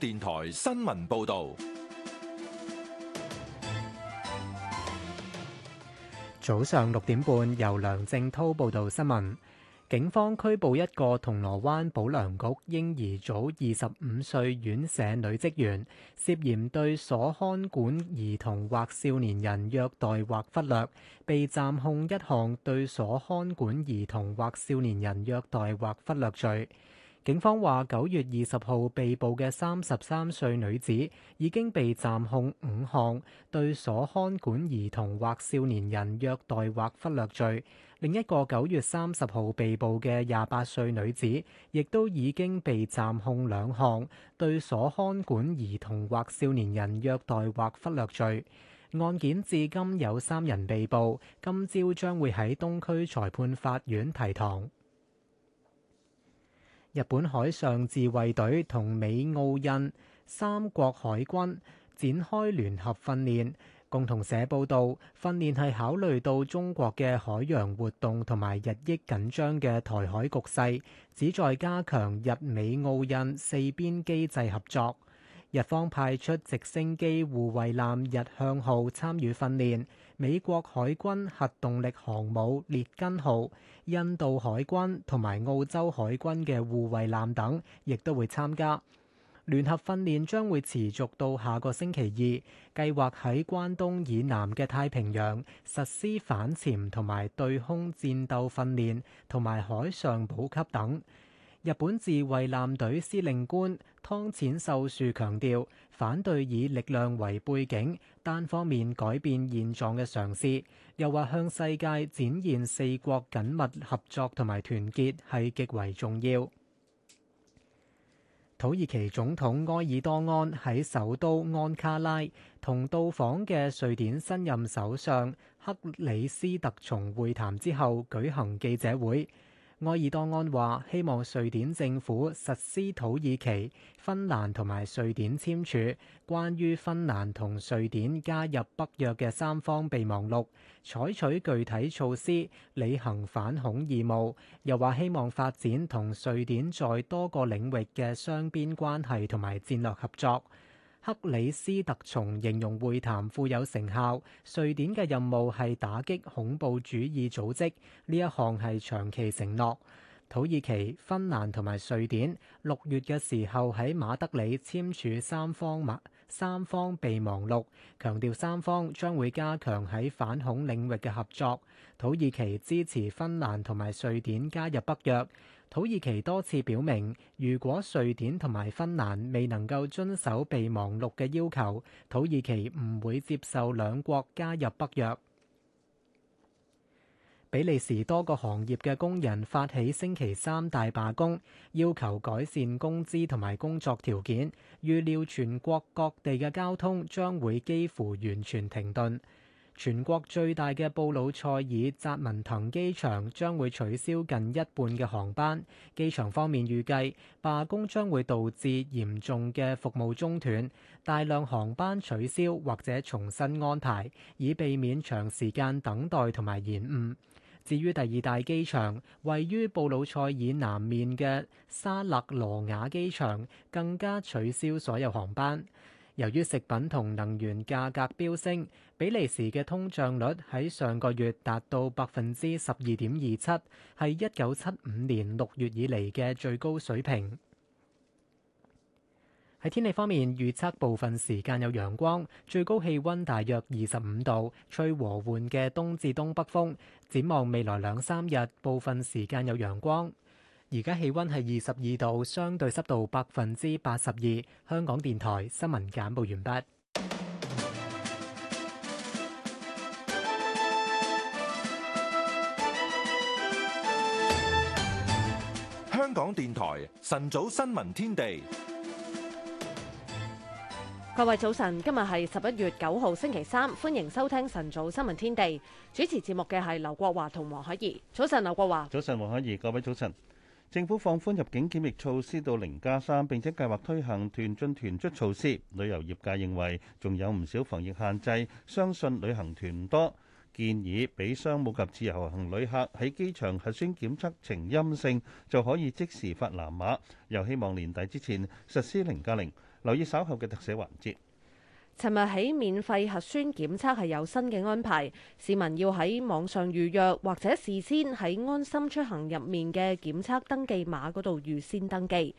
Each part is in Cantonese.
電台新聞報道：早上六點半，由梁正濤報道新聞。警方拘捕一個銅鑼灣保良局嬰兒組二十五歲院舍女職員，涉嫌對所看管兒童或少年人虐待或忽略，被暫控一項對所看管兒童或少年人虐待或忽略罪。警方話，九月二十號被捕嘅三十三歲女子已經被暫控五項對所看管兒童或少年人虐待或忽略罪。另一個九月三十號被捕嘅廿八歲女子，亦都已經被暫控兩項對所看管兒童或少年人虐待或忽略罪。案件至今有三人被捕，今朝將會喺東區裁判法院提堂。日本海上自衛隊同美、澳、印三國海軍展開聯合訓練。共同社報道，訓練係考慮到中國嘅海洋活動同埋日益緊張嘅台海局勢，旨在加強日、美、澳、印四邊機制合作。日方派出直升機護衛艦“日向號”參與訓練。美國海軍核動力航母列根號、印度海軍同埋澳洲海軍嘅護衛艦等，亦都會參加聯合訓練，將會持續到下個星期二。計劃喺關東以南嘅太平洋實施反潛同埋對空戰鬥訓練，同埋海上補給等。日本自衛艦隊司令官湯淺秀樹強調反對以力量為背景單方面改變現狀嘅嘗試，又話向世界展現四國緊密合作同埋團結係極為重要。土耳其總統埃爾多安喺首都安卡拉同到訪嘅瑞典新任首相克里斯特松會談之後舉行記者會。埃爾多安話，希望瑞典政府實施土耳其、芬蘭同埋瑞典簽署關於芬蘭同瑞典加入北約嘅三方備忘錄，採取具體措施履行反恐義務，又話希望發展同瑞典在多個領域嘅雙邊關係同埋戰略合作。克里斯特松形容會談富有成效。瑞典嘅任務係打擊恐怖主義組織呢一項係長期承諾土耳其、芬蘭同埋瑞典六月嘅時候喺馬德里簽署三方物三方備忘錄，強調三方將會加強喺反恐領域嘅合作。土耳其支持芬蘭同埋瑞典加入北約。土耳其多次表明，如果瑞典同埋芬蘭未能夠遵守備忘錄嘅要求，土耳其唔會接受兩國加入北約。比利時多個行業嘅工人發起星期三大罷工，要求改善工資同埋工作條件，預料全國各地嘅交通將會幾乎完全停頓。全國最大嘅布魯塞爾扎文滕機場將會取消近一半嘅航班。機場方面預計，罷工將會導致嚴重嘅服務中斷，大量航班取消或者重新安排，以避免長時間等待同埋延誤。至於第二大機場，位於布魯塞爾南面嘅沙勒羅瓦機場，更加取消所有航班。由於食品同能源價格飆升，比利時嘅通脹率喺上個月達到百分之十二點二七，係一九七五年六月以嚟嘅最高水平。喺天氣方面，預測部分時間有陽光，最高氣温大約二十五度，吹和緩嘅東至東北風。展望未來兩三日，部分時間有陽光。而家氣溫係二十二度，相對濕度百分之八十二。香港電台新聞簡報完畢。香港電台晨早新聞天地，各位早晨，今日係十一月九號星期三，歡迎收聽晨早新聞天地。主持節目嘅係劉國華同黃海怡。早晨，劉國華。早晨，黃海怡。各位早晨。政府放寬入境檢疫措施到零加三，3，並且計劃推行團進團出措施。旅遊業界認為仲有唔少防疫限制，相信旅行團唔多。建議俾商務及自由行旅客喺機場核酸檢測呈陰性就可以即時發藍碼，又希望年底之前實施零加零。0，留意稍後嘅特寫環節。尋日起免費核酸檢測係有新嘅安排，市民要喺網上預約或者事先喺安心出行入面嘅檢測登記碼嗰度預先登記。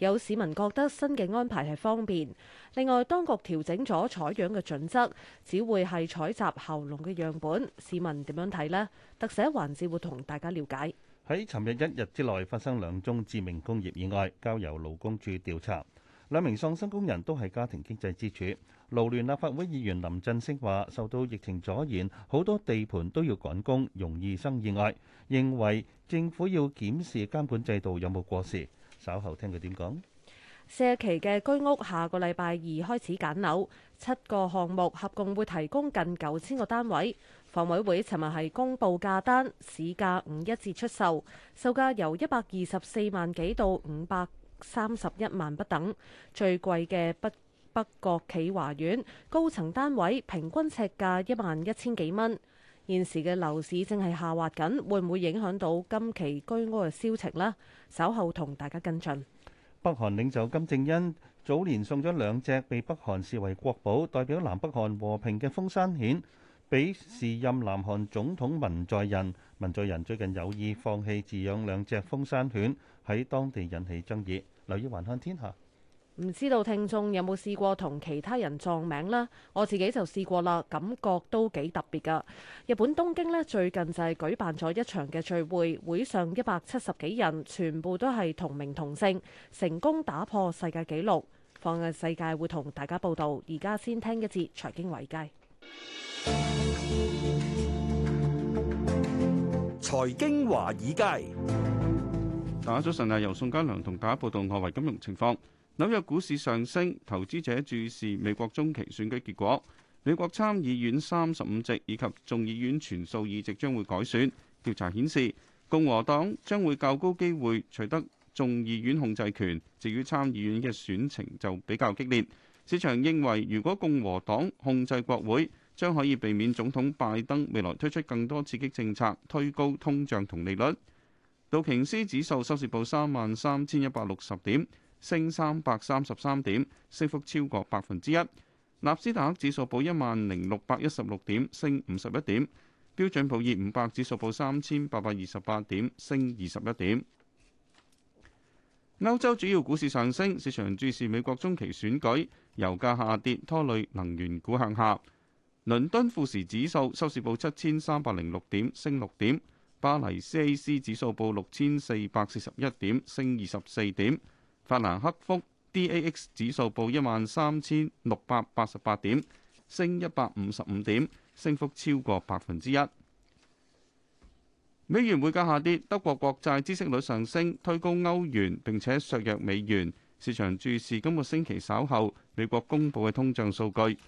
有市民覺得新嘅安排係方便。另外，當局調整咗採樣嘅準則，只會係採集喉嚨嘅樣本。市民點樣睇呢？特寫環節會同大家了解。喺尋日一日之內發生兩宗致命工業意外，交由勞工處調查。兩名喪生工人都係家庭經濟支柱。勞聯立法會議員林振昇話：受到疫情阻延，好多地盤都要趕工，容易生意外。認為政府要檢視監管制度有冇過時。稍後聽佢點講。四期嘅居屋下個禮拜二開始揀樓，七個項目合共會提供近九千個單位。房委會尋日係公布價單，市價五一折出售，售價由一百二十四萬幾到五百三十一萬不等。最貴嘅北北角企華苑高層單位，平均尺價一萬一千幾蚊。現時嘅樓市正係下滑緊，會唔會影響到今期居屋嘅銷情呢？稍後同大家跟進。北韓領袖金正恩早年送咗兩隻被北韓視為國寶、代表南北韓和平嘅風山犬，俾時任南韓總統文在寅。文在寅最近有意放棄飼養兩隻風山犬。喺當地引起爭議。留意環香天下，唔知道聽眾有冇試過同其他人撞名咧？我自己就試過啦，感覺都幾特別噶。日本東京呢，最近就係舉辦咗一場嘅聚會，會上一百七十幾人全部都係同名同姓，成功打破世界紀錄。放眼世界會同大家報道。而家先聽一節財經維界，財經華爾街。打早晨啊！由宋家良同大家報道外圍金融情況。紐約股市上升，投資者注視美國中期選舉結果。美國參議院三十五席以及眾議院全數議席將會改選。調查顯示，共和黨將會較高機會取得眾議院控制權，至於參議院嘅選情就比較激烈。市場認為，如果共和黨控制國會，將可以避免總統拜登未來推出更多刺激政策，推高通脹同利率。道瓊斯指數收市報三萬三千一百六十點，升三百三十三點，升幅超過百分之一。納斯達克指數報一萬零六百一十六點，升五十一點。標準普爾五百指數報三千八百二十八點，升二十一點。歐洲主要股市上升，市場注視美國中期選舉，油價下跌拖累能源股向下。倫敦富時指數收市報七千三百零六點，升六點。巴黎 CAC 指數報六千四百四十一點，升二十四點；法蘭克福 DAX 指數報一萬三千六百八十八點，升一百五十五點，升幅超過百分之一。美元匯價下跌，德國國債孳息率上升，推高歐元並且削弱美元。市場注視今個星期稍後美國公佈嘅通脹數據。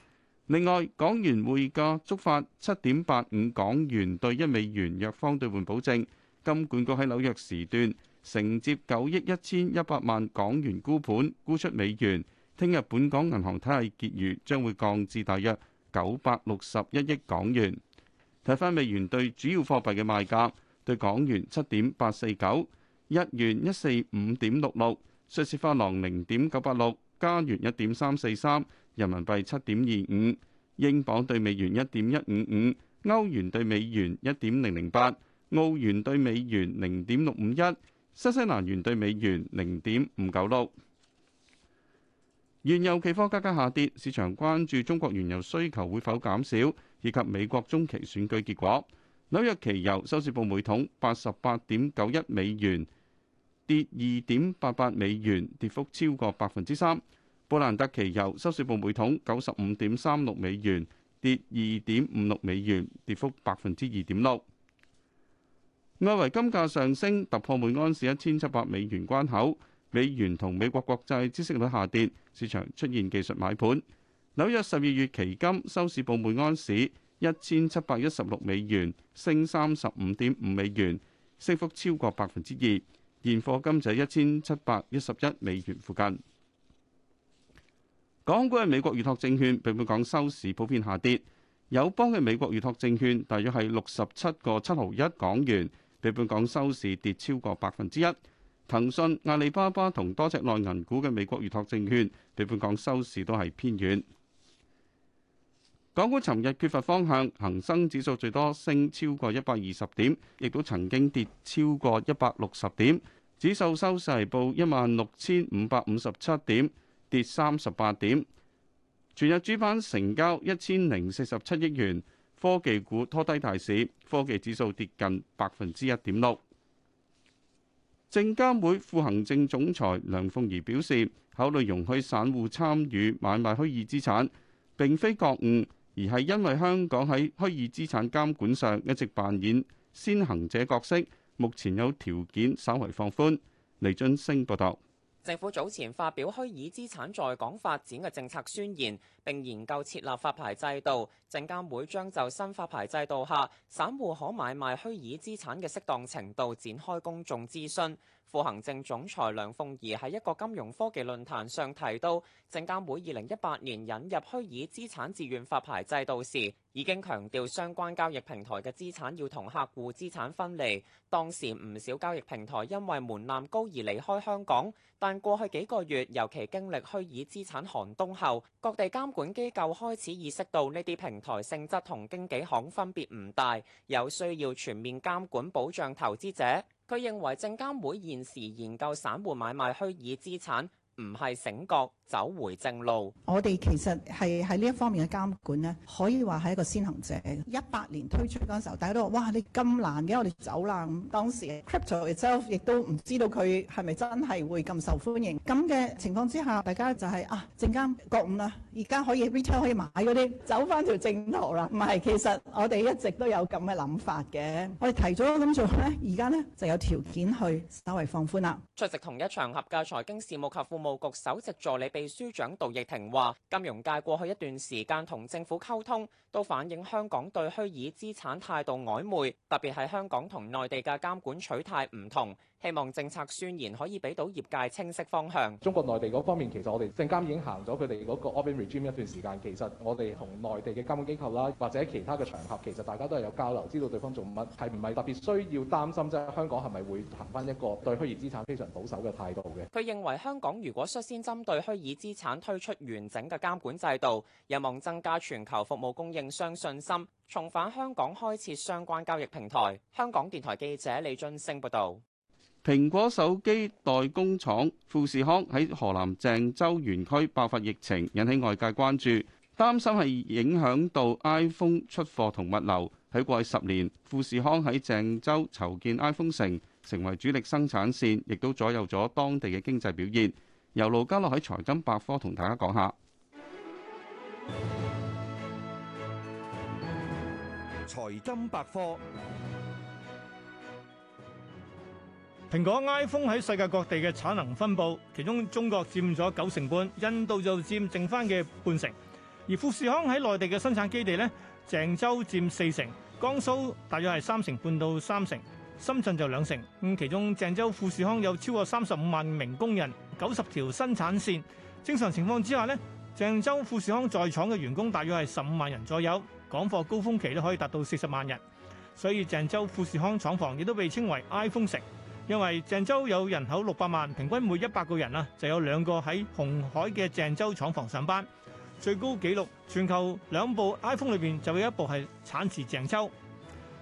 另外，港元匯價觸發七點八五港元對一美元弱方兌換保證。金管局喺紐約時段承接九億一千一百萬港元沽盤沽出美元。聽日本港銀行體系結餘將會降至大約九百六十一億港元。睇翻美元對主要貨幣嘅賣價，對港元七點八四九，日元一四五點六六，瑞士法郎零點九八六，加元一點三四三。人民幣七點二五，英鎊對美元一點一五五，歐元對美元一點零零八，澳元對美元零點六五一，新西蘭元對美元零點五九六。原油期貨價格下跌，市場關注中國原油需求會否減少，以及美國中期選舉結果。紐約期油收市報每桶八十八點九一美元，跌二點八八美元，跌幅超過百分之三。布蘭特期油收市報每桶九十五點三六美元，跌二點五六美元，跌幅百分之二點六。外圍金價上升突破每安士一千七百美元關口，美元同美國國債孳息率下跌，市場出現技術買盤。紐約十二月期金收市報每安士一千七百一十六美元，升三十五點五美元，升幅超過百分之二。現貨金就一千七百一十一美元附近。港股嘅美國預託證券，俾本港收市普遍下跌。友邦嘅美國預託證券大約係六十七個七毫一港元，俾本港收市跌超過百分之一。騰訊、阿里巴巴同多隻內銀股嘅美國預託證券，俾本港收市都係偏軟。港股尋日缺乏方向，恒生指數最多升超過一百二十點，亦都曾經跌超過一百六十點。指數收市報一萬六千五百五十七點，跌三十八點，全日主板成交一千零四十七億元，科技股拖低大市，科技指數跌近百分之一點六。證監會副行政總裁梁鳳儀表示，考慮容許散戶參與買賣虛擬資產，並非覺悟，而係因為香港喺虛擬資產監管上一直扮演先行者角色，目前有條件稍為放寬。李津升報道。政府早前發表虛擬資產在港發展嘅政策宣言，並研究設立發牌制度。證監會將就新發牌制度下，散戶可買賣虛擬資產嘅適當程度，展開公眾諮詢。副行政總裁梁鳳儀喺一個金融科技論壇上提到，證監會二零一八年引入虛擬資產自願發牌制度時，已經強調相關交易平台嘅資產要同客戶資產分離。當時唔少交易平台因為門檻高而離開香港，但過去幾個月，尤其經歷虛擬資產寒冬後，各地監管機構開始意識到呢啲平台性質同經紀行分別唔大，有需要全面監管保障投資者。佢認為證監會現時研究散戶買賣虛擬資產。唔係醒覺走回正路，我哋其實係喺呢一方面嘅監管咧，可以話係一個先行者。一八年推出嗰陣時候，大家都話：哇，你咁難嘅，我哋走啦、啊。咁當時 cryptocurrency 亦都唔知道佢係咪真係會咁受歡迎。咁嘅情況之下，大家就係、是、啊，正監覺唔啦，而家可以 retail 可以買嗰啲，走翻條正途啦。唔係，其實我哋一直都有咁嘅諗法嘅。我哋提咗咁做咧，而家咧就有條件去稍微放寬啦。出席同一場合嘅財經事務及父母務局首席助理秘書長杜亦婷話，金融界過去一段時間同政府溝通，都反映香港對虛擬資產態度曖昧，特別係香港同內地嘅監管取態唔同。希望政策宣言可以俾到業界清晰方向。中國內地嗰方面，其實我哋證監已經行咗佢哋嗰個 open regime 一段時間，其實我哋同內地嘅監管機構啦，或者其他嘅場合，其實大家都係有交流，知道對方做乜，係唔係特別需要擔心？即係香港係咪會行翻一個對虛擬資產非常保守嘅態度嘅？佢認為香港如果率先針對虛擬資產推出完整嘅監管制度，有望增加全球服務供應商信心，重返香港開設相關交易平台。香港電台記者李俊升報道。蘋果手機代工廠富士康喺河南鄭州園區爆發疫情，引起外界關注，擔心係影響到 iPhone 出貨同物流。喺過去十年，富士康喺鄭州籌建 iPhone 城，成為主力生產線，亦都左右咗當地嘅經濟表現。由盧家樂喺財金百科同大家講下。財金百科。蘋果 iPhone 喺世界各地嘅產能分佈，其中中國佔咗九成半，印度就佔剩翻嘅半成。而富士康喺內地嘅生產基地呢，鄭州佔四成，江蘇大約係三成半到三成，深圳就兩成。咁其中鄭州富士康有超過三十五萬名工人，九十條生產線。正常情況之下呢，鄭州富士康在廠嘅員工大約係十五萬人左右，港貨高峰期都可以達到四十萬人。所以鄭州富士康廠房亦都被稱為 iPhone 城。因為鄭州有人口六百萬，平均每一百個人啊就有兩個喺紅海嘅鄭州廠房上班。最高紀錄，全球兩部 iPhone 裏邊就有一部係產自鄭州。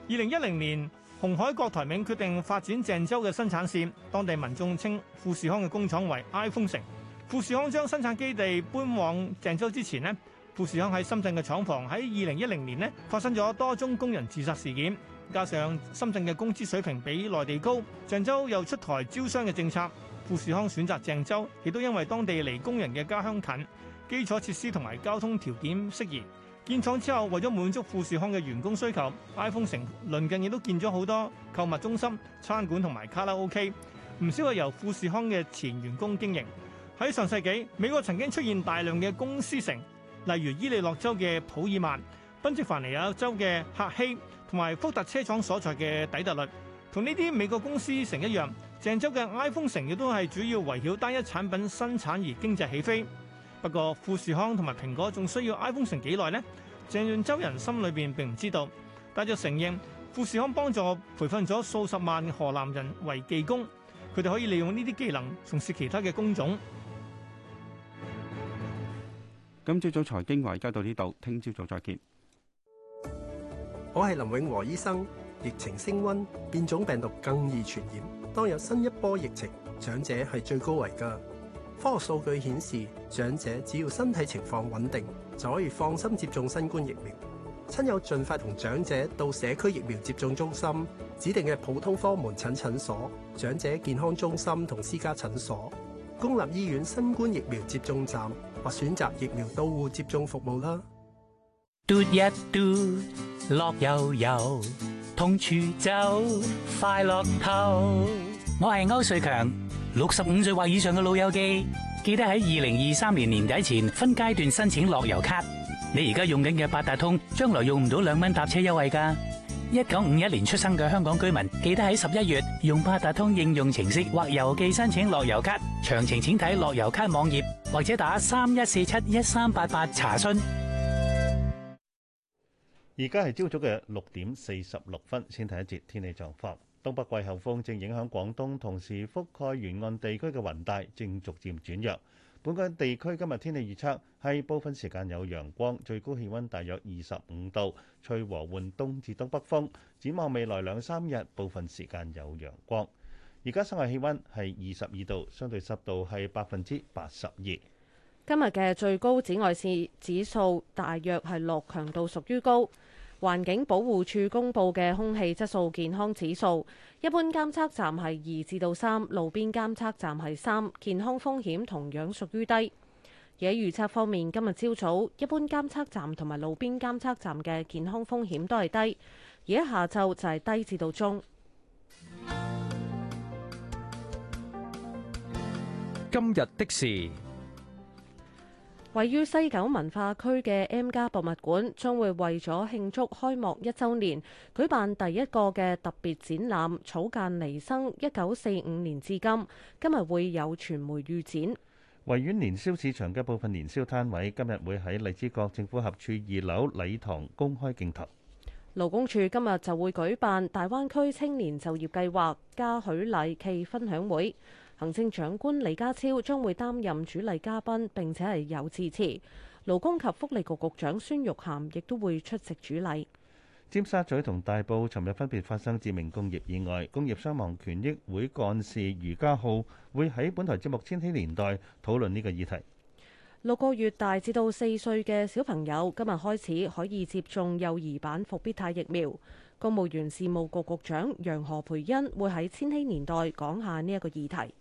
二零一零年，紅海郭台銘決定發展鄭州嘅生產線，當地民眾稱富士康嘅工廠為 iPhone 城。富士康將生產基地搬往鄭州之前咧，富士康喺深圳嘅廠房喺二零一零年咧發生咗多宗工人自殺事件。加上深圳嘅工資水平比內地高，鄭州又出台招商嘅政策。富士康選擇鄭州，亦都因為當地離工人嘅家鄉近，基礎設施同埋交通條件適宜。建廠之後，為咗滿足富士康嘅員工需求，iPhone 城鄰近亦都建咗好多購物中心、餐館同埋卡拉 OK，唔少係由富士康嘅前員工經營。喺上世紀，美國曾經出現大量嘅公司城，例如伊利諾州嘅普爾曼、賓夕凡尼亞州嘅客希。同埋福特車廠所在嘅底特律，同呢啲美國公司成一樣。鄭州嘅 iPhone 城亦都係主要圍繞單一產品生產而經濟起飛。不過富士康同埋蘋果仲需要 iPhone 城幾耐呢？鄭州人心裏邊並唔知道，但就承認富士康幫助培訓咗數十萬河南人為技工，佢哋可以利用呢啲技能從事其他嘅工種。今朝早財經話題到呢度，聽朝早再見。我係林永和醫生，疫情升溫，變種病毒更易傳染。當有新一波疫情，長者係最高危㗎。科學數據顯示，長者只要身體情況穩定，就可以放心接種新冠疫苗。親友盡快同長者到社區疫苗接種中心、指定嘅普通科門診診所、長者健康中心同私家診所、公立醫院新冠疫苗接種站或選擇疫苗到戶接種服務啦。嘟一嘟，樂悠悠，通處走，快樂透。我係歐瑞強，六十五歲或以上嘅老友記，記得喺二零二三年年底前分階段申請樂悠咭。你而家用緊嘅八達通，將來用唔到兩蚊搭車優惠噶。一九五一年出生嘅香港居民，記得喺十一月用八達通應用程式或郵寄申請樂悠咭。詳情請睇樂悠咭網頁或者打三一四七一三八八查詢。而家係朝早嘅六點四十六分，先睇一節天氣狀況。東北季候風正影響廣東，同時覆蓋沿岸地區嘅雲帶正逐漸轉弱。本港地區今日天氣預測係部分時間有陽光，最高氣溫大約二十五度，吹和緩東至東北風。展望未來兩三日，部分時間有陽光。而家室外氣溫係二十二度，相對濕度係百分之八十二。今日嘅最高紫外線指數大約係六，強度屬於高。環境保護署公布嘅空氣質素健康指數，一般監測站係二至到三，路邊監測站係三，健康風險同樣屬於低。而喺預測方面，今日朝早一般監測站同埋路邊監測站嘅健康風險都係低，而喺下晝就係低至到中。今日的事。位於西九文化區嘅 M 家博物館將會為咗慶祝開幕一周年，舉辦第一個嘅特別展覽《草間彌生一九四五年至今》。今日會有傳媒預展。維園年宵市場嘅部分年宵攤位今日會喺荔枝角政府合署二樓禮堂公開競投。勞工處今日就會舉辦大灣區青年就業計劃嘉許禮暨分享會。行政長官李家超將會擔任主禮嘉賓，並且係有致辭。勞工及福利局局長孫玉菡亦都會出席主禮。尖沙咀同大埔尋日分別發生致命工業意外，工業傷亡權益會幹事余家浩會喺本台節目《千禧年代》討論呢個議題。六個月大至到四歲嘅小朋友今日開始可以接種幼兒版復必泰疫苗。公務員事務局局，局長楊何蓓茵會喺《千禧年代》講下呢一個議題。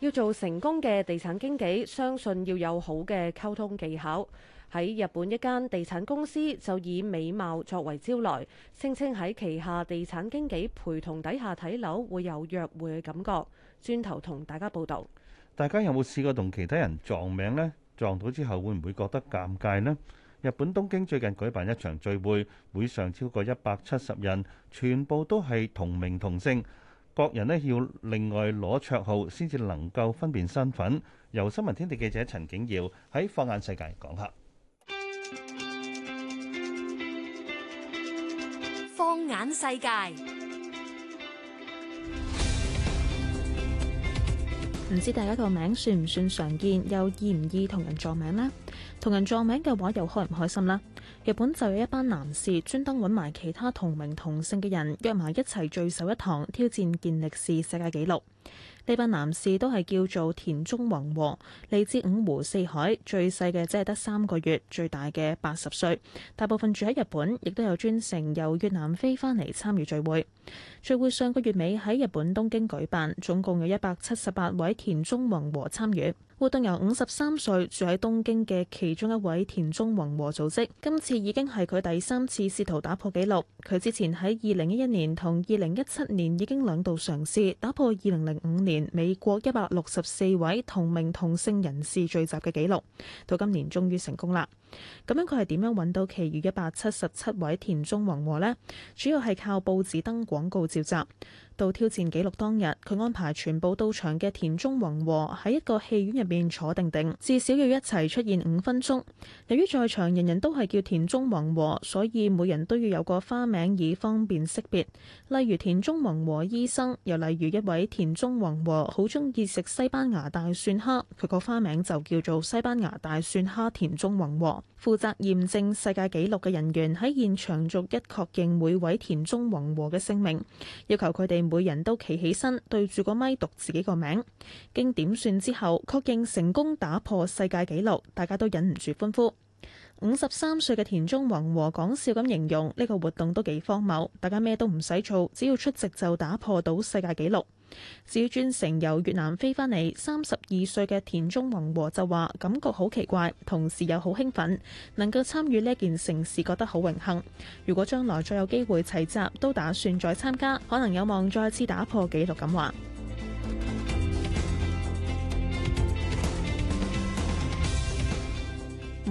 要做成功嘅地產經紀，相信要有好嘅溝通技巧。喺日本一間地產公司就以美貌作為招徠，聲稱喺旗下地產經紀陪同底下睇樓會有約會嘅感覺。轉頭同大家報道。大家有冇試過同其他人撞名呢？撞到之後會唔會覺得尷尬呢？日本東京最近舉辦一場聚會，會上超過一百七十人，全部都係同名同姓，各人呢，要另外攞綽號先至能夠分辨身份。由新聞天地記者陳景耀喺放眼世界講下。放眼世界。唔知大家個名算唔算常見，又易唔易同人撞名呢？同人撞名嘅話，又開唔開心啦？日本就有一班男士專登揾埋其他同名同姓嘅人，約埋一齊聚首一堂，挑戰健力士世界紀錄。呢班男士都係叫做田中宏和，嚟自五湖四海，最細嘅只係得三個月，最大嘅八十歲。大部分住喺日本，亦都有專程由越南飛翻嚟參與聚會。聚會上個月尾喺日本東京舉辦，總共有一百七十八位田中宏和參與。活動由五十三歲住喺東京嘅其中一位田中宏和組織。今次已經係佢第三次試圖打破紀錄，佢之前喺二零一一年同二零一七年已經兩度嘗試打破二零零。五年，美國一百六十四位同名同姓人士聚集嘅記錄，到今年終於成功啦！咁樣佢係點樣揾到其餘一百七十七位田中宏和呢？主要係靠報紙登廣告召集。到挑戰紀錄當日，佢安排全部到場嘅田中宏和喺一個戲院入面坐定定，至少要一齊出現五分鐘。由於在場人人都係叫田中宏和，所以每人都要有個花名以方便識別，例如田中宏和醫生，又例如一位田中宏和好中意食西班牙大蒜蝦，佢個花名就叫做西班牙大蒜蝦田中宏和。負責驗證世界紀錄嘅人員喺現場逐一確認每位田中宏和嘅姓名，要求佢哋每人都企起身，對住個咪讀自己個名。經點算之後，確認成功打破世界紀錄，大家都忍唔住歡呼。五十三歲嘅田中宏和講笑咁形容呢個活動都幾荒謬，大家咩都唔使做，只要出席就打破到世界紀錄。至於專程由越南飛返嚟，三十二歲嘅田中宏和就話感覺好奇怪，同時又好興奮，能夠參與呢件盛事，覺得好榮幸。如果將來再有機會齊集，都打算再參加，可能有望再次打破紀錄。咁話。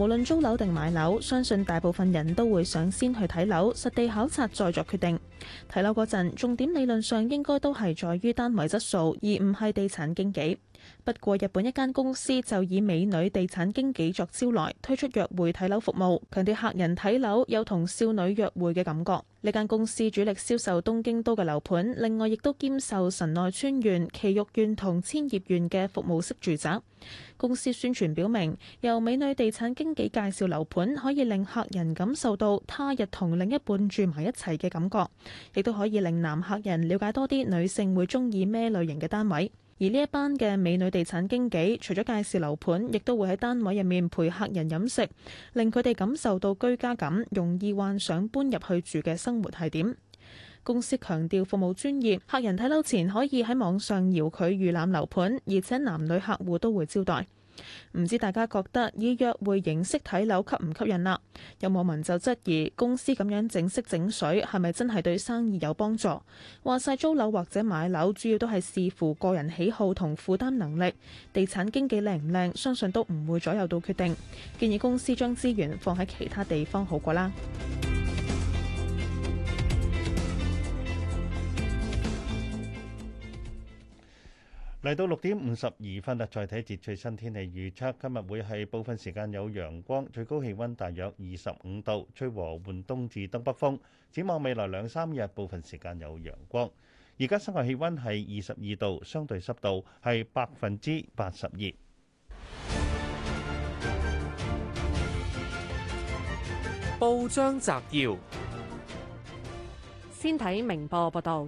無論租樓定買樓，相信大部分人都會想先去睇樓，實地考察再作決定。睇樓嗰陣，重點理論上應該都係在於單位質素，而唔係地產經紀。不過，日本一間公司就以美女地產經紀作招來，推出約會睇樓服務，強調客人睇樓有同少女約會嘅感覺。呢間公司主力銷售東京都嘅樓盤，另外亦都兼售神奈川縣、埼玉縣同千葉縣嘅服務式住宅。公司宣傳表明，由美女地產經紀介紹樓盤，可以令客人感受到他日同另一半住埋一齊嘅感覺，亦都可以令男客人了解多啲女性會鍾意咩類型嘅單位。而呢一班嘅美女地產經紀，除咗介紹樓盤，亦都會喺單位入面陪客人飲食，令佢哋感受到居家感，容易幻想搬入去住嘅生活係點。公司強調服務專業，客人睇樓前可以喺網上遙距預覽樓盤，而且男女客戶都會招待。唔知大家覺得以約會形式睇樓吸唔吸引啦？有網民就質疑公司咁樣整色整水係咪真係對生意有幫助？話晒租樓或者買樓主要都係視乎個人喜好同負擔能力，地產經紀靚唔靚相信都唔會左右到決定。建議公司將資源放喺其他地方好過啦。嚟到六點五十二分，再睇一節最新天氣預測。今日會係部分時間有陽光，最高氣溫大約二十五度，吹和緩東至東北風。展望未來兩三日，部分時間有陽光。而家室外氣溫係二十二度，相對濕度係百分之八十二。報章摘要，先睇明報報道。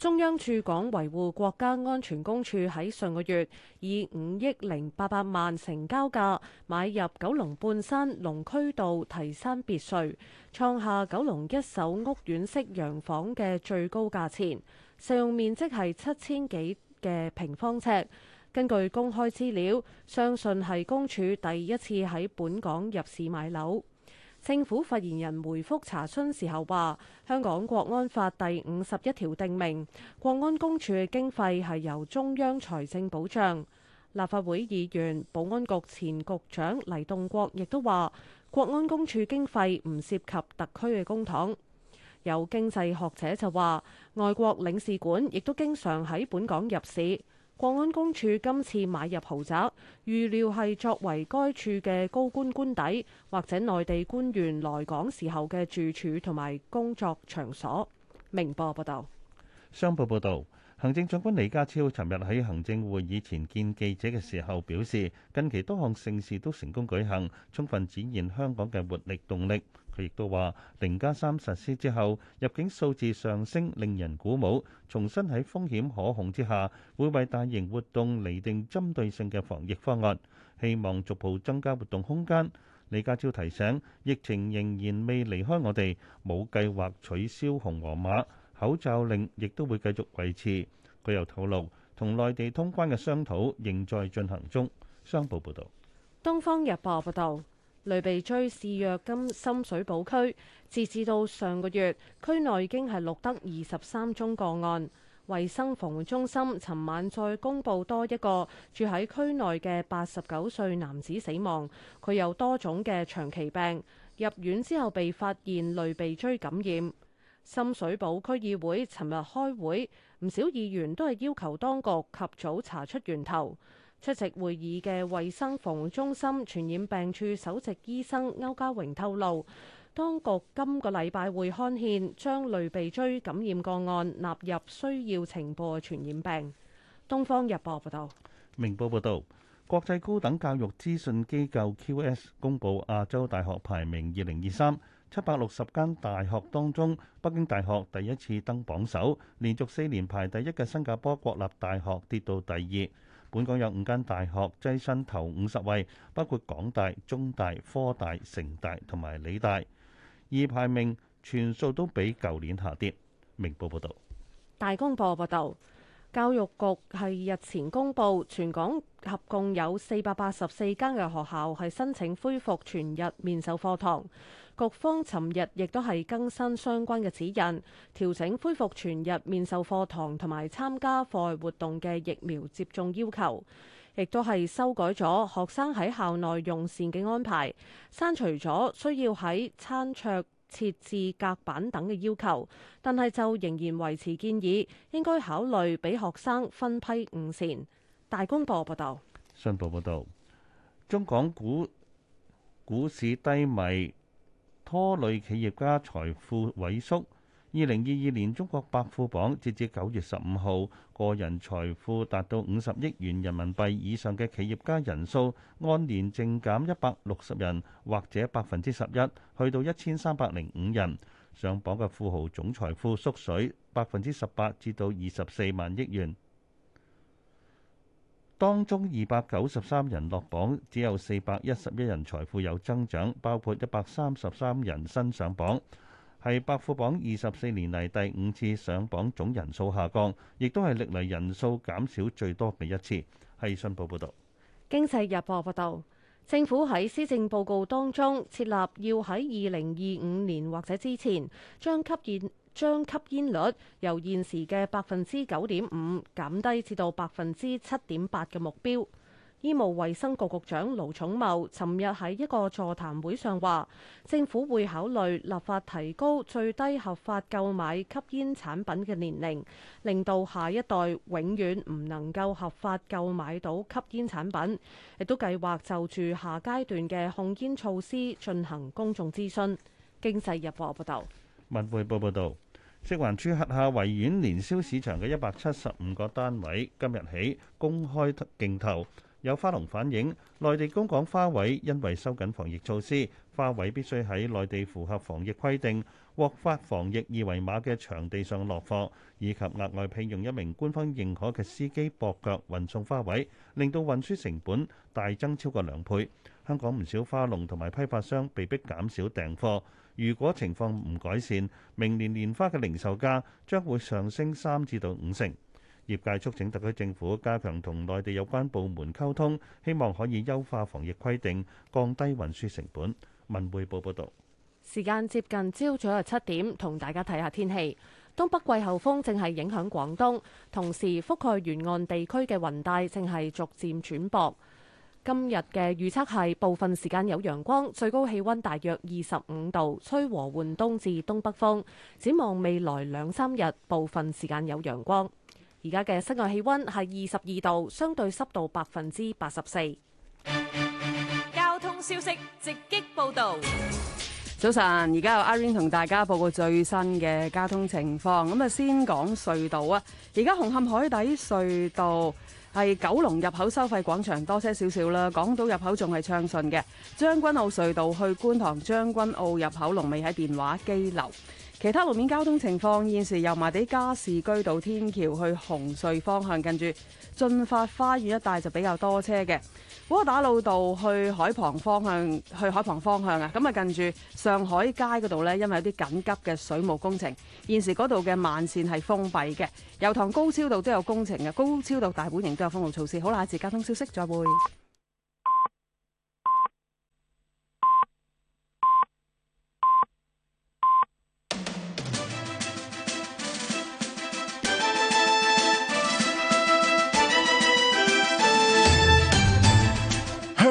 中央駐港維護國家安全公署喺上個月以五億零八百萬成交價買入九龍半山龍區道提山別墅，創下九龍一手屋苑式洋房嘅最高價錢，使用面積係七千幾嘅平方尺。根據公開資料，相信係公署第一次喺本港入市買樓。政府發言人回覆查詢時候話，香港國安法第五十一條定明，國安公署嘅經費係由中央財政保障。立法會議員、保安局前局長黎棟國亦都話，國安公署經費唔涉及特區嘅公帑。有經濟學者就話，外國領事館亦都經常喺本港入市。國安公署今次買入豪宅，預料係作為該處嘅高官官邸，或者內地官員來港時候嘅住處同埋工作場所。明報報道，商報報道，行政長官李家超尋日喺行政會議前見記者嘅時候表示，近期多項盛事都成功舉行，充分展現香港嘅活力動力。佢亦都話零加三實施之後，入境數字上升，令人鼓舞。重新喺風險可控之下，會為大型活動釐定針對性嘅防疫方案，希望逐步增加活動空間。李家超提醒，疫情仍然未離開我哋，冇計劃取消紅黃碼，口罩令亦都會繼續維持。佢又透露，同內地通關嘅商討仍在進行中。商報報導，《東方日報》報導。類鼻疽肆虐緊深水埗區，截至到上個月，區內已經係錄得二十三宗個案。衛生防護中心尋晚再公布多一個住喺區內嘅八十九歲男子死亡，佢有多種嘅長期病，入院之後被發現類鼻疽感染。深水埗區議會尋日開會，唔少議員都係要求當局及早查出源頭。出席會議嘅衛生防護中心傳染病處首席醫生歐家榮透露，當局今個禮拜會刊憲將類鼻疽感染個案納入需要呈報傳染病。東方日報報道：「明報報道，國際高等教育資訊機構 QS 公佈亞洲大學排名二零二三，七百六十間大學當中，北京大學第一次登榜首，連續四年排第一嘅新加坡國立大學跌到第二。本港有五間大學躋身頭五十位，包括港大、中大、科大、城大同埋理大，而排名全數都比舊年下跌。明報報道。大公報報道。教育局係日前公布，全港合共有四百八十四間嘅學校係申請恢復全日面授課堂。局方尋日亦都係更新相關嘅指引，調整恢復全日面授課堂同埋參加課外活動嘅疫苗接種要求，亦都係修改咗學生喺校內用膳嘅安排，刪除咗需要喺餐桌設置隔板等嘅要求，但係就仍然維持建議，應該考慮俾學生分批午膳。大公報報道，信報報道，中港股股市低迷，拖累企業家財富萎縮。二零二二年中國百富榜，截至九月十五號，個人財富達到五十億元人民幣以上嘅企業家人數，按年淨減一百六十人，或者百分之十一，去到一千三百零五人。上榜嘅富豪總財富縮水百分之十八，至到二十四萬億元。當中二百九十三人落榜，只有四百一十一人財富有增長，包括一百三十三人新上榜。係百富榜二十四年嚟第五次上榜總人數下降，亦都係歷嚟人數減少最多嘅一次。係信報報道：經濟日報報道，政府喺施政報告當中設立要喺二零二五年或者之前，將吸煙將吸煙率由現時嘅百分之九點五減低至到百分之七點八嘅目標。醫務衛生局局長盧寵茂尋日喺一個座談會上話，政府會考慮立法提高最低合法購買吸煙產品嘅年齡，令到下一代永遠唔能夠合法購買到吸煙產品。亦都計劃就住下階段嘅控煙措施進行公眾諮詢。經濟日報報道，文匯報報道，食環署轄下維園年宵市場嘅一百七十五個單位今日起公開競投。有花農反映，內地供港花卉因為收緊防疫措施，花卉必須喺內地符合防疫規定、獲發防疫二維碼嘅場地上落貨，以及額外聘用一名官方認可嘅司機駁腳運送花卉，令到運輸成本大增超過兩倍。香港唔少花農同埋批發商被迫減少訂貨，如果情況唔改善，明年年花嘅零售價將會上升三至到五成。業界促請特區政府加強同內地有關部門溝通，希望可以優化防疫規定，降低運輸成本。文匯報報道。時間接近朝早嘅七點，同大家睇下天氣。東北季候風正係影響廣東，同時覆蓋沿岸地區嘅雲帶正係逐漸轉薄。今日嘅預測係部分時間有陽光，最高氣溫大約二十五度，吹和緩東至東北風。展望未來兩三日，部分時間有陽光。而家嘅室外氣溫係二十二度，相對濕度百分之八十四。交通消息直擊報道。早晨，而家有 Irene 同大家報告最新嘅交通情況。咁啊，先講隧道啊。而家紅磡海底隧道係九龍入口收費廣場多些少少啦，港島入口仲係暢順嘅。將軍澳隧道去觀塘將軍澳入口龍尾喺電話機樓。其他路面交通情況，現時油麻地加士居道天橋去紅隧方向近住進發花園一帶就比較多車嘅。窩打老道去海旁方向，去海旁方向啊，咁啊近住上海街嗰度呢，因為有啲緊急嘅水務工程，現時嗰度嘅慢線係封閉嘅。油塘高超道都有工程嘅，高超道大本營都有封路措施。好啦，下節交通消息再會。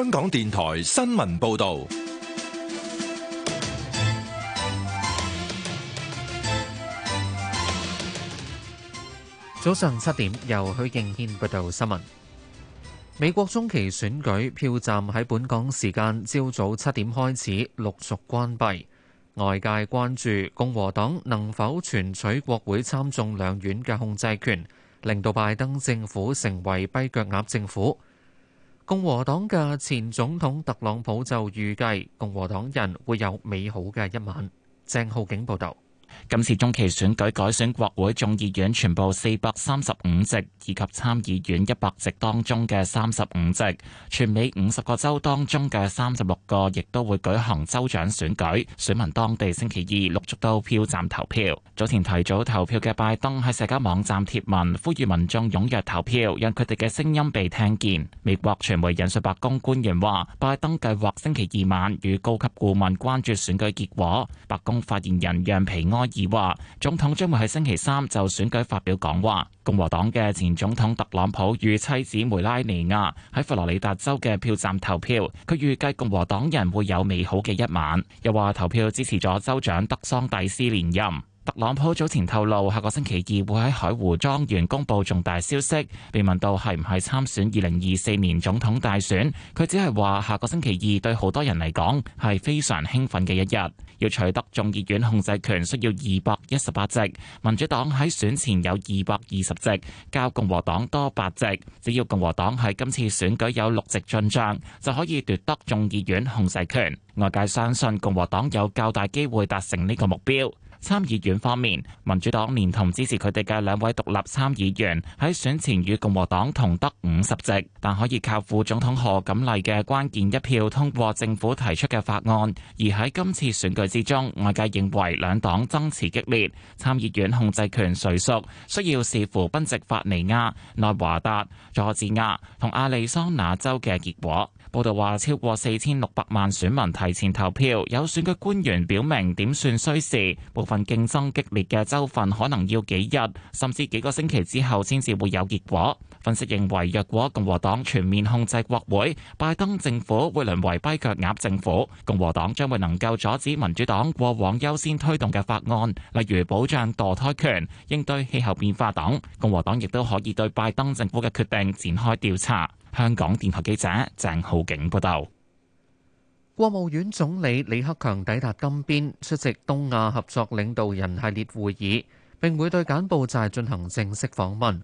香港電台新聞報道，早上七點由許敬軒報道新聞。美國中期選舉票站喺本港時間朝早七點開始陸續關閉，外界關注共和黨能否全取國會參眾兩院嘅控制權，令到拜登政府成為跛腳鴨政府。共和黨嘅前總統特朗普就預計共和黨人會有美好嘅一晚。鄭浩景報道。今次中期選舉改選國會眾議院全部四百三十五席，以及參議院一百席當中嘅三十五席，全美五十個州當中嘅三十六個亦都會舉行州長選舉。選民當地星期二陸續到票站投票。早前提早投票嘅拜登喺社交網站貼文，呼籲民眾踴躍投票，讓佢哋嘅聲音被聽見。美國傳媒引述白宮官員話：拜登計劃星期二晚與高級顧問關注選舉結果。白宮發言人讓皮安。而話，總統將會喺星期三就選舉發表講話。共和黨嘅前總統特朗普與妻子梅拉尼亞喺佛羅里達州嘅票站投票。佢預計共和黨人會有美好嘅一晚。又話投票支持咗州長德桑蒂斯連任。特朗普早前透露，下個星期二會喺海湖莊園公布重大消息。被問到係唔係參選二零二四年總統大選，佢只係話下個星期二對好多人嚟講係非常興奮嘅一日。要取得眾議院控制權需要二百一十八席，民主黨喺選前有二百二十席，較共和黨多八席。只要共和黨喺今次選舉有六席進賬就可以奪得眾議院控制權，外界相信共和黨有較大機會達成呢個目標。參議院方面，民主黨連同支持佢哋嘅兩位獨立參議員喺選前與共和黨同得五十席，但可以靠副總統賀錦麗嘅關鍵一票通過政府提出嘅法案。而喺今次選舉之中，外界認為兩黨爭持激烈，參議院控制權誰屬需要視乎賓夕法尼亞、內華達、佐治亞同亞利桑那州嘅結果。報道話，超過四千六百萬選民提前投票，有選舉官員表明點算需時，部分競爭激烈嘅州份可能要幾日，甚至幾個星期之後先至會有結果。分析認為，若果共和黨全面控制國會，拜登政府會淪為跛腳鴨政府，共和黨將會能夠阻止民主黨過往優先推動嘅法案，例如保障墮胎權、應對氣候變化等。共和黨亦都可以對拜登政府嘅決定展開調查。香港電台記者鄭浩景報道，國務院總理李克強抵達金邊出席東亞合作領導人系列會議，並會對柬埔寨進行正式訪問。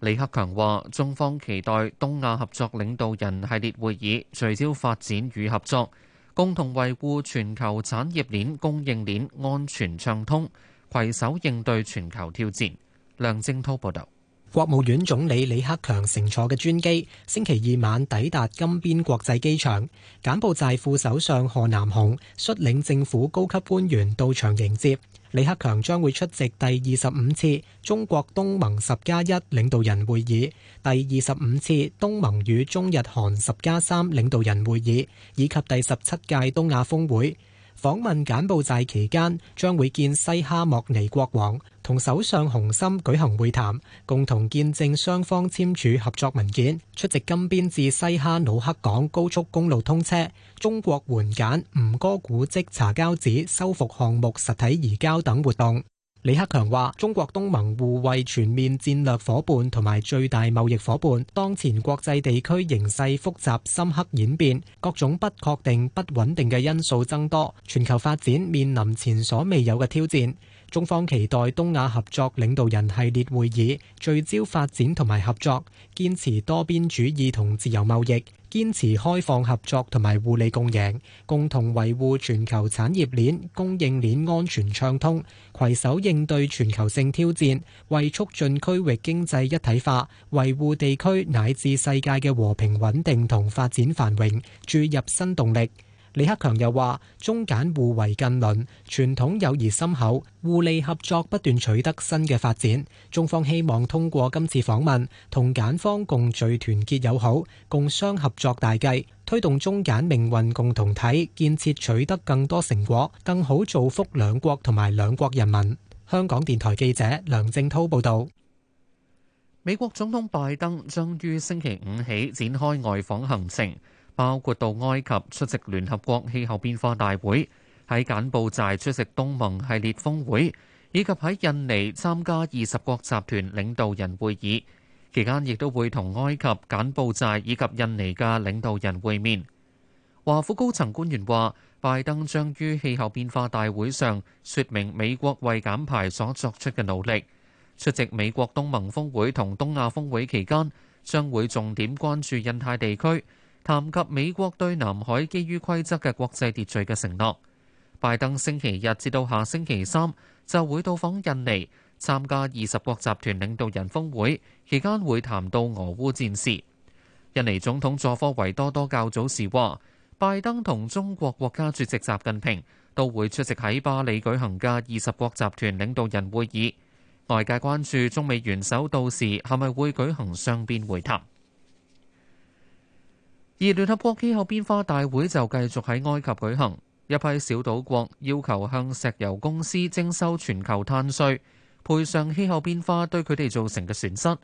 李克強話：中方期待東亞合作領導人系列會議聚焦發展與合作，共同維護全球產業鏈供應鏈安全暢通，攜手應對全球挑戰。梁正濤報道。國務院總理李克強乘坐嘅專機星期二晚抵達金邊國際機場。柬埔寨副首相賀南雄率領政府高級官員到場迎接。李克強將會出席第二十五次中國東盟十加一領導人會議、第二十五次東盟與中日韓十加三領導人會議以及第十七屆東亞峰會。訪問柬埔寨期間，將會見西哈莫尼國王，同首相洪森舉行會談，共同見證雙方簽署合作文件，出席金邊至西哈努克港高速公路通車、中國援柬吳哥古蹟茶膠寺修復項目實體移交等活動。李克強話：中國東盟互為全面戰略伙伴同埋最大貿易伙伴。當前國際地區形勢複雜、深刻演變，各種不確定、不穩定嘅因素增多，全球發展面臨前所未有嘅挑戰。中方期待東亞合作領導人系列會議聚焦發展同埋合作，堅持多邊主義同自由貿易，堅持開放合作同埋互利共贏，共同維護全球產業鏈供應鏈安全暢通，携手應對全球性挑戰，為促進區域經濟一體化、維護地區乃至世界嘅和平穩定同發展繁榮注入新動力。李克強又話：中柬互為近鄰，傳統友誼深厚，互利合作不斷取得新嘅發展。中方希望通過今次訪問，同柬方共聚團結友好，共商合作大計，推動中柬命運共同體建設取得更多成果，更好造福兩國同埋兩國人民。香港電台記者梁正滔報導。美國總統拜登將於星期五起展開外訪行程。包括到埃及出席聯合國氣候變化大會，喺柬埔寨出席東盟系列峰會，以及喺印尼參加二十國集團領導人會議期間亦都會同埃及、柬埔寨以及印尼嘅領導人會面。華府高層官員話拜登將於氣候變化大會上說明美國為減排所作出嘅努力。出席美國東盟峰會同東亞峰會期間將會重點關注印太地區談及美國對南海基於規則嘅國際秩序嘅承諾，拜登星期日至到下星期三就會到訪印尼參加二十國集團領導人峰會，期間會談到俄烏戰事。印尼總統佐科維多多較早時話，拜登同中國國家主席習近平都會出席喺峇里舉行嘅二十國集團領導人會議。外界關注中美元首到時係咪會舉行雙邊會談。而聯合國氣候變化大會就繼續喺埃及舉行，一批小島國要求向石油公司徵收全球碳稅，賠償氣候變化對佢哋造成嘅損失。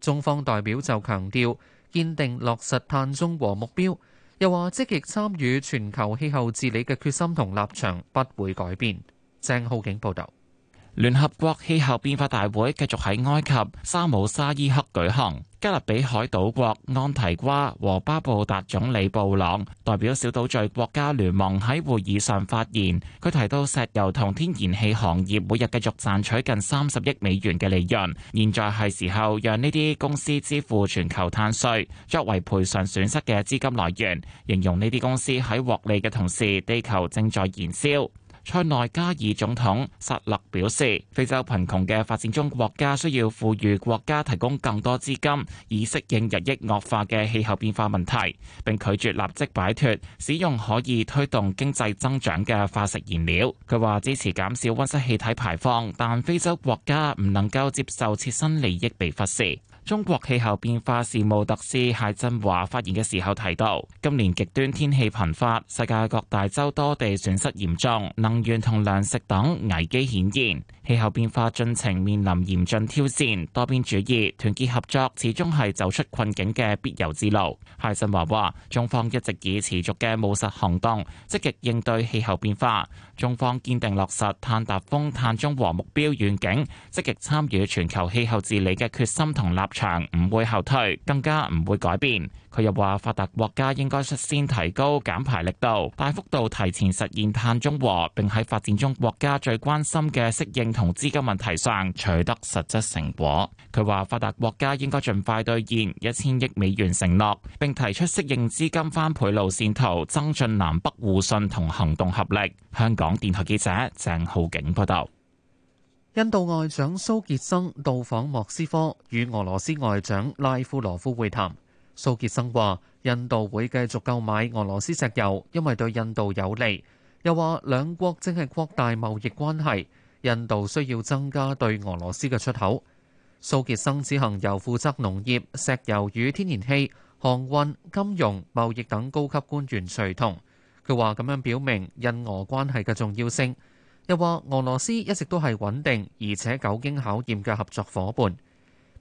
中方代表就強調，堅定落實碳中和目標，又話積極參與全球氣候治理嘅決心同立場不會改變。鄭浩景報導。聯合國氣候變化大會繼續喺埃及沙姆沙伊克舉行。加勒比海島國安提瓜和巴布達總理布朗代表小島嶼國家聯盟喺會議上發言。佢提到石油同天然氣行業每日繼續賺取近三十億美元嘅利潤，現在係時候讓呢啲公司支付全球碳稅，作為賠償損失嘅資金來源。形容呢啲公司喺獲利嘅同時，地球正在燃燒。塞內加爾總統薩勒表示，非洲貧窮嘅發展中國家需要富裕國家提供更多資金，以適應日益惡化嘅氣候變化問題，並拒絕立即擺脫使用可以推動經濟增長嘅化石燃料。佢話支持減少溫室氣體排放，但非洲國家唔能夠接受切身利益被忽視。中國氣候變化事務特使解振華發言嘅時候提到，今年極端天氣頻發，世界各大洲多地損失嚴重，能源同糧食等危機顯現。氣候變化進程面臨嚴峻挑戰，多邊主義團結合作始終係走出困境嘅必由之路。解振華話：中方一直以持續嘅務實行動，積極應對氣候變化。中方堅定落實碳達峰、碳中和目標願景，積極參與全球氣候治理嘅決心同立場唔會後退，更加唔會改變。佢又話：發達國家應該率先提高減排力度，大幅度提前實現碳中和。並喺發展中國家最關心嘅適應同資金問題上取得實質成果。佢話：發達國家應該盡快兌現一千億美元承諾，並提出適應資金翻倍路線圖，增進南北互信同行動合力。香港電台記者鄭浩景報道。印度外長蘇傑生到訪莫斯科，與俄羅斯外長拉夫羅夫會談。蘇傑生話：印度會繼續購買俄羅斯石油，因為對印度有利。又話兩國正係擴大貿易關係，印度需要增加對俄羅斯嘅出口。蘇傑生此行由負責農業、石油與天然氣、航運、金融、貿易等高級官員隨同。佢話咁樣表明印俄關係嘅重要性。又話俄羅斯一直都係穩定而且久經考驗嘅合作伙伴。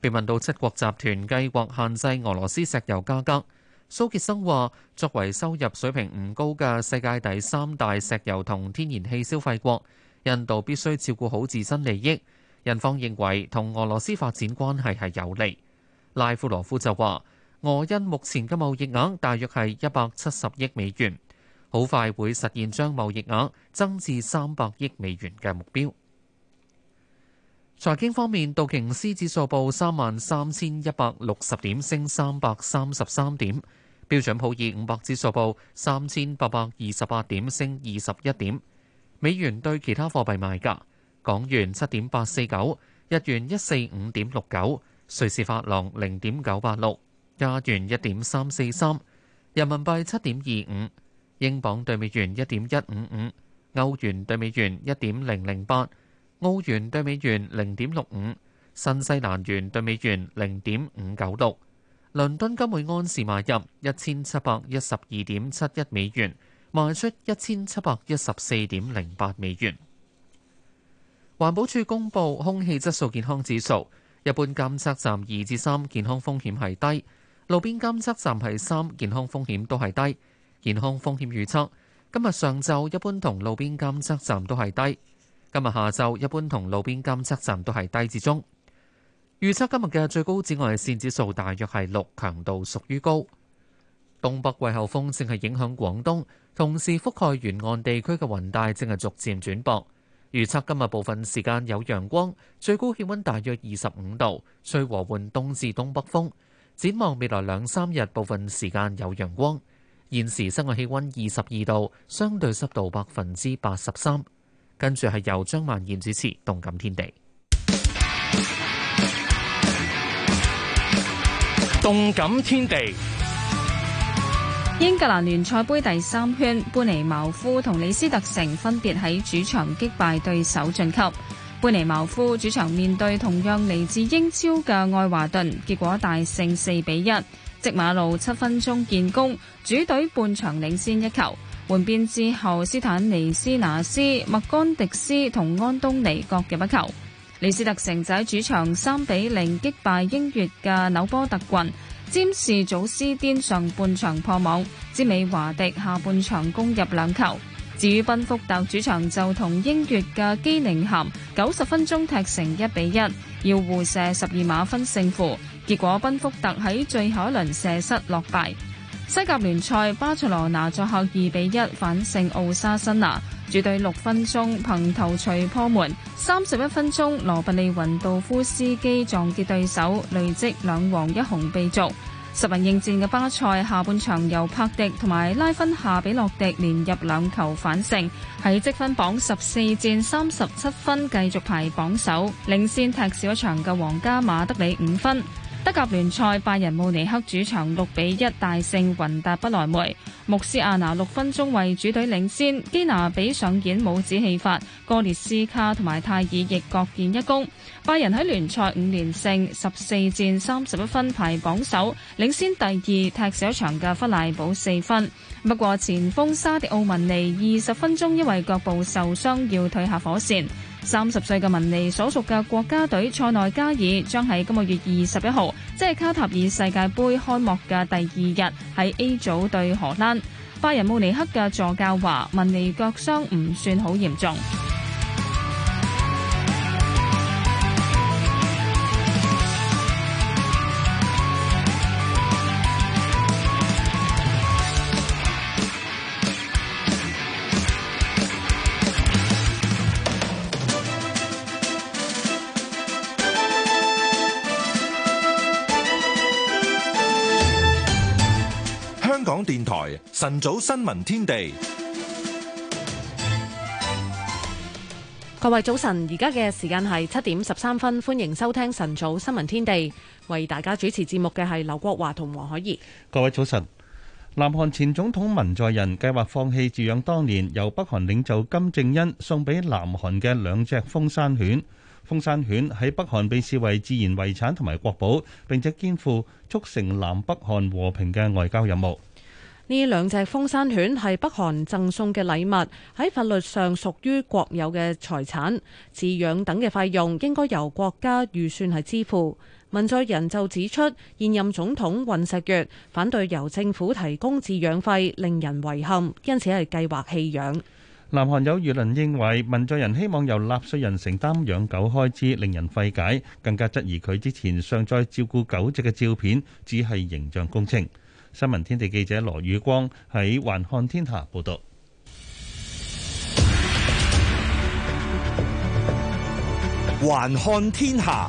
被問到七國集團計劃限制俄羅斯石油價格，蘇傑生話：作為收入水平唔高嘅世界第三大石油同天然氣消費國，印度必須照顧好自身利益。印方認為同俄羅斯發展關係係有利。拉夫羅夫就話：俄印目前嘅貿易額大約係一百七十億美元，好快會實現將貿易額增至三百億美元嘅目標。財經方面，道瓊斯指數報三萬三千一百六十點，升三百三十三點；標準普爾五百指數報三千八百二十八點，升二十一點。美元對其他貨幣賣價：港元七點八四九，日元一四五點六九，瑞士法郎零點九八六，加元一點三四三，人民幣七點二五，英鎊對美元一點一五五，歐元對美元一點零零八。澳元兌美元零點六五，新西蘭元兌美元零點五九六。倫敦金每安士買入一千七百一十二點七一美元，賣出一千七百一十四點零八美元。環保署公布空氣質素健康指數，一般監測站二至三，健康風險係低；路邊監測站係三，健康風險都係低。健康風險預測今日上晝一般同路邊監測站都係低。今日下晝，一般同路邊監測站都係低至中。預測今日嘅最高紫外線指數大約係六，強度屬於高。東北季候風正係影響廣東，同時覆蓋沿岸地區嘅雲帶正係逐漸轉薄。預測今日部分時間有陽光，最高氣溫大約二十五度，吹和緩東至東北風。展望未來兩三日，部分時間有陽光。現時室外氣溫二十二度，相對濕度百分之八十三。跟住係由張曼燕主持《動感天地》。《動感天地》英格蘭聯賽盃第三圈，貝尼茅夫同李斯特城分別喺主場擊敗對手晉級。貝尼茅夫主場面對同樣嚟自英超嘅愛華頓，結果大勝四比一。積馬路七分鐘建功，主隊半場領先一球。換邊之後，斯坦尼斯拿斯、麥干迪斯同安東尼各入一球。李斯特城仔主場三比零擊敗英越嘅紐波特郡，詹士祖斯甸上半場破網，詹美華迪下半場攻入兩球。至於賓福特主場就同英越嘅基寧咸九十分鐘踢成一比一，1，要互射十二碼分勝負，結果賓福特喺最後一輪射失落敗。西甲聯賽，巴塞羅那作客二比一反勝奧沙辛拿，主隊六分鐘憑頭槌破門，三十一分鐘羅伯利雲杜夫斯基撞跌對手，累積兩黃一紅被逐。十人應戰嘅巴塞下半場由帕迪同埋拉芬夏比洛迪連入兩球反勝，喺積分榜十四戰三十七分繼續排榜首，領先踢少一場嘅皇家馬德里五分。德甲聯賽，拜仁慕尼克主場六比一大勝雲達不萊梅，穆斯亞拿六分鐘為主隊領先，基拿比上演帽子戲法，哥列斯卡同埋泰爾亦各建一功。拜仁喺聯賽五連勝，十四戰三十一分排榜首，領先第二踢少一場嘅弗賴堡四分。不過前鋒沙迪奧文尼二十分鐘因為腳部受傷要退下火線。三十歲嘅文尼所屬嘅國家隊塞內加爾將喺今個月二十一號，即係卡塔爾世界盃開幕嘅第二日，喺 A 組對荷蘭。拜仁慕尼克嘅助教話：文尼腳傷唔算好嚴重。晨早新聞天地，各位早晨，而家嘅時間係七點十三分，歡迎收聽晨早新聞天地。為大家主持節目嘅係劉國華同黃海怡。各位早晨，南韓前總統文在寅計劃放棄飼養當年由北韓領袖金正恩送俾南韓嘅兩隻風山犬。風山犬喺北韓被視為自然遺產同埋國寶，並且肩負促成南北韓和平嘅外交任務。呢兩隻豐山犬係北韓贈送嘅禮物，喺法律上屬於國有嘅財產，飼養等嘅費用應該由國家預算係支付。文在寅就指出，現任總統尹錫悅反對由政府提供飼養費，令人遺憾，因此係計劃棄養。南韓有輿論認為，文在寅希望由納稅人承擔養狗開支，令人費解，更加質疑佢之前尚在照顧狗隻嘅照片只係形象工程。新聞天地記者羅宇光喺環看天下報道。環看天下。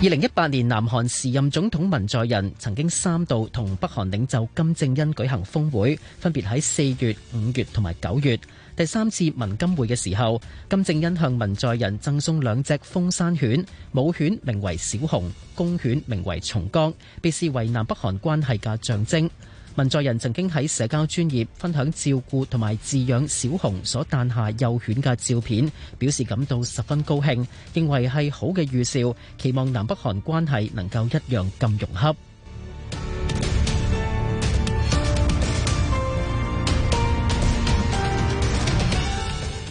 二零一八年，南韓時任總統文在寅曾經三度同北韓領袖金正恩舉行峰會，分別喺四月、五月同埋九月。第三次文金會嘅時候，金正恩向文在寅贈送兩隻豐山犬，母犬名為小熊，公犬名為松江，被視為南北韓關係嘅象徵。文在寅曾經喺社交專頁分享照顧同埋飼養小熊所誕下幼犬嘅照片，表示感到十分高興，認為係好嘅預兆，期望南北韓關係能夠一樣咁融洽。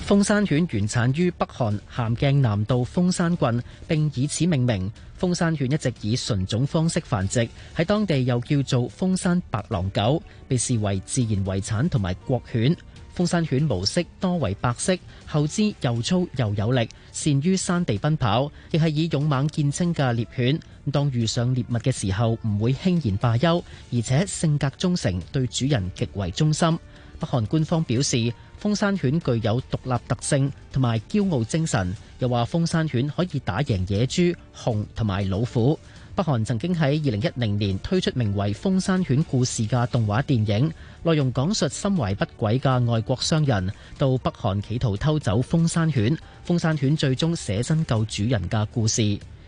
風山犬原產於北韓咸鏡南道風山郡，並以此命名。風山犬一直以純種方式繁殖，喺當地又叫做風山白狼狗，被視為自然遺產同埋國犬。風山犬毛色多為白色，後肢又粗又有力，擅於山地奔跑，亦係以勇猛見稱嘅獵犬。當遇上獵物嘅時候，唔會輕言罷休，而且性格忠誠，對主人極為忠心。北韓官方表示。封山犬具有獨立特性同埋驕傲精神，又話封山犬可以打贏野豬、熊同埋老虎。北韓曾經喺二零一零年推出名為《封山犬故事》嘅動畫電影，內容講述心懷不軌嘅外國商人到北韓企圖偷走封山犬，封山犬最終捨身救主人嘅故事。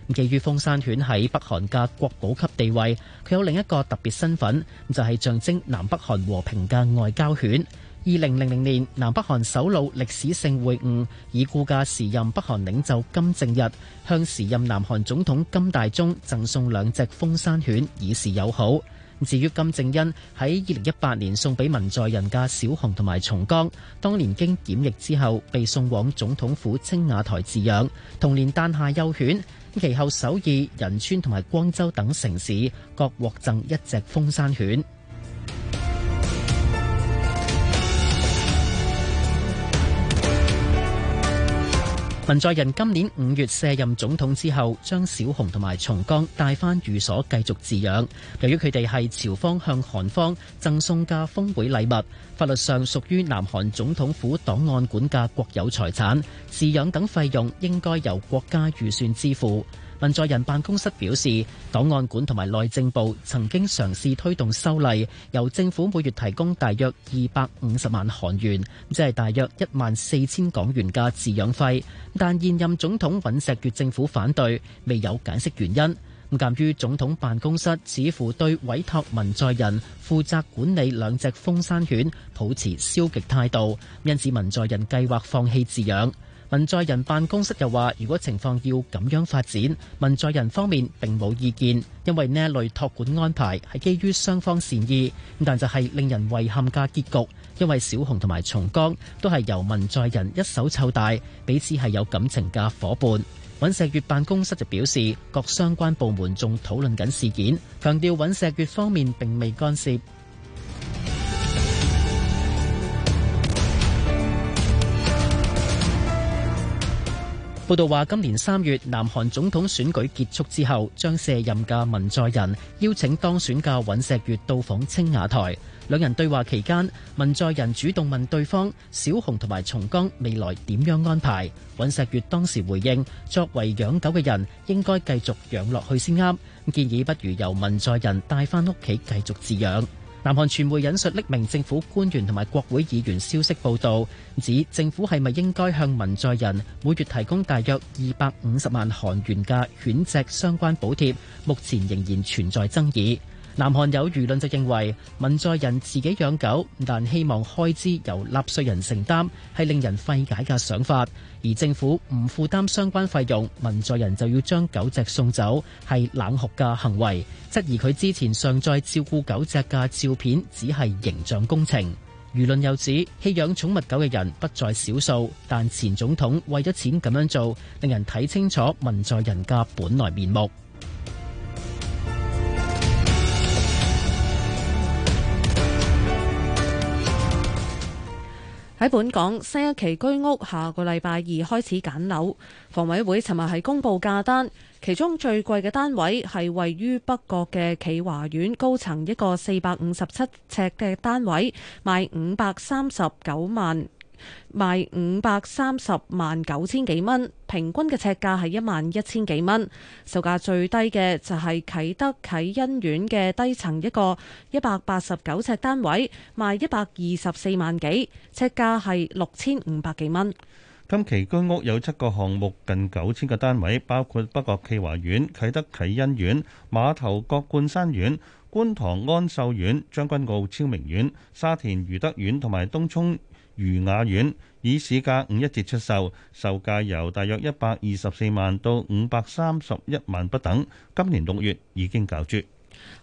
咁基於風山犬喺北韓嘅國寶級地位，佢有另一個特別身份，就係象徵南北韓和平嘅外交犬。二零零零年，南北韓首腦歷史性會晤，已故嘅時任北韓領袖金正日向時任南韓總統金大中贈送兩隻豐山犬以示友好。至於金正恩喺二零一八年送俾文在寅嘅小熊同埋松江，當年經檢疫之後被送往總統府青瓦台飼養，同年誕下幼犬。其後首爾、仁川同埋光州等城市各獲贈一隻豐山犬。文在寅今年五月卸任總統之後，將小熊同埋松江帶翻寓所繼續飼養。由於佢哋係朝方向韓方贈送嘅峰會禮物，法律上屬於南韓總統府檔案館嘅國有財產，飼養等費用應該由國家預算支付。文在寅辦公室表示，檔案館同埋內政部曾經嘗試推動修例，由政府每月提供大約二百五十萬韓元，即係大約一萬四千港元嘅飼養費。但現任總統尹錫悅政府反對，未有解釋原因。咁鑑於總統辦公室似乎對委託文在寅負責管理兩隻豐山犬抱持消極態度，因此文在寅計劃放棄飼養。文在寅辦公室又話：如果情況要咁樣發展，文在寅方面並冇意見，因為呢一類託管安排係基於雙方善意。但就係令人遺憾嘅結局，因為小紅同埋松江都係由文在寅一手湊大，彼此係有感情嘅伙伴。尹錫悅辦公室就表示，各相關部門仲討論緊事件，強調尹錫悅方面並未干涉。報道話，今年三月南韓總統選舉結束之後，將卸任嘅文在寅邀請當選嘅尹錫悅到訪青瓦台。兩人對話期間，文在寅主動問對方小熊同埋松江未來點樣安排。尹錫悅當時回應：作為養狗嘅人，應該繼續養落去先啱，建議不如由文在寅帶翻屋企繼續飼養。南韓傳媒引述匿名政府官員同埋國會議員消息報道，指政府係咪應該向文在寅每月提供大約二百五十萬韓元嘅犬隻相關補貼，目前仍然存在爭議。南韓有輿論就認為文在寅自己養狗，但希望開支由納稅人承擔，係令人費解嘅想法，而政府唔負擔相關費用，文在寅就要將狗隻送走，係冷酷嘅行為。質疑佢之前尚在照顧狗隻嘅照片只係形象工程。輿論又指棄養寵物狗嘅人不在少數，但前總統為咗錢咁樣做，令人睇清楚文在寅嘅本來面目。喺本港新一期居屋下個禮拜二開始揀樓，房委會尋日係公布價單，其中最貴嘅單位係位於北角嘅驥華苑高層一個四百五十七尺嘅單位，賣五百三十九萬。賣五百三十萬九千幾蚊，平均嘅尺價係一萬一千幾蚊。售價最低嘅就係啟德啟欣苑嘅低層一個一百八十九尺單位，賣一百二十四萬幾，尺價係六千五百幾蚊。今期居屋有七個項目，近九千個單位，包括北角驥華苑、啟德啟欣苑、馬頭角冠山苑、觀塘安秀苑、將軍澳昭明苑、沙田愉德苑同埋東涌。愉雅苑以市價五一折出售，售價由大約一百二十四萬到五百三十一萬不等。今年六月已經攪珠。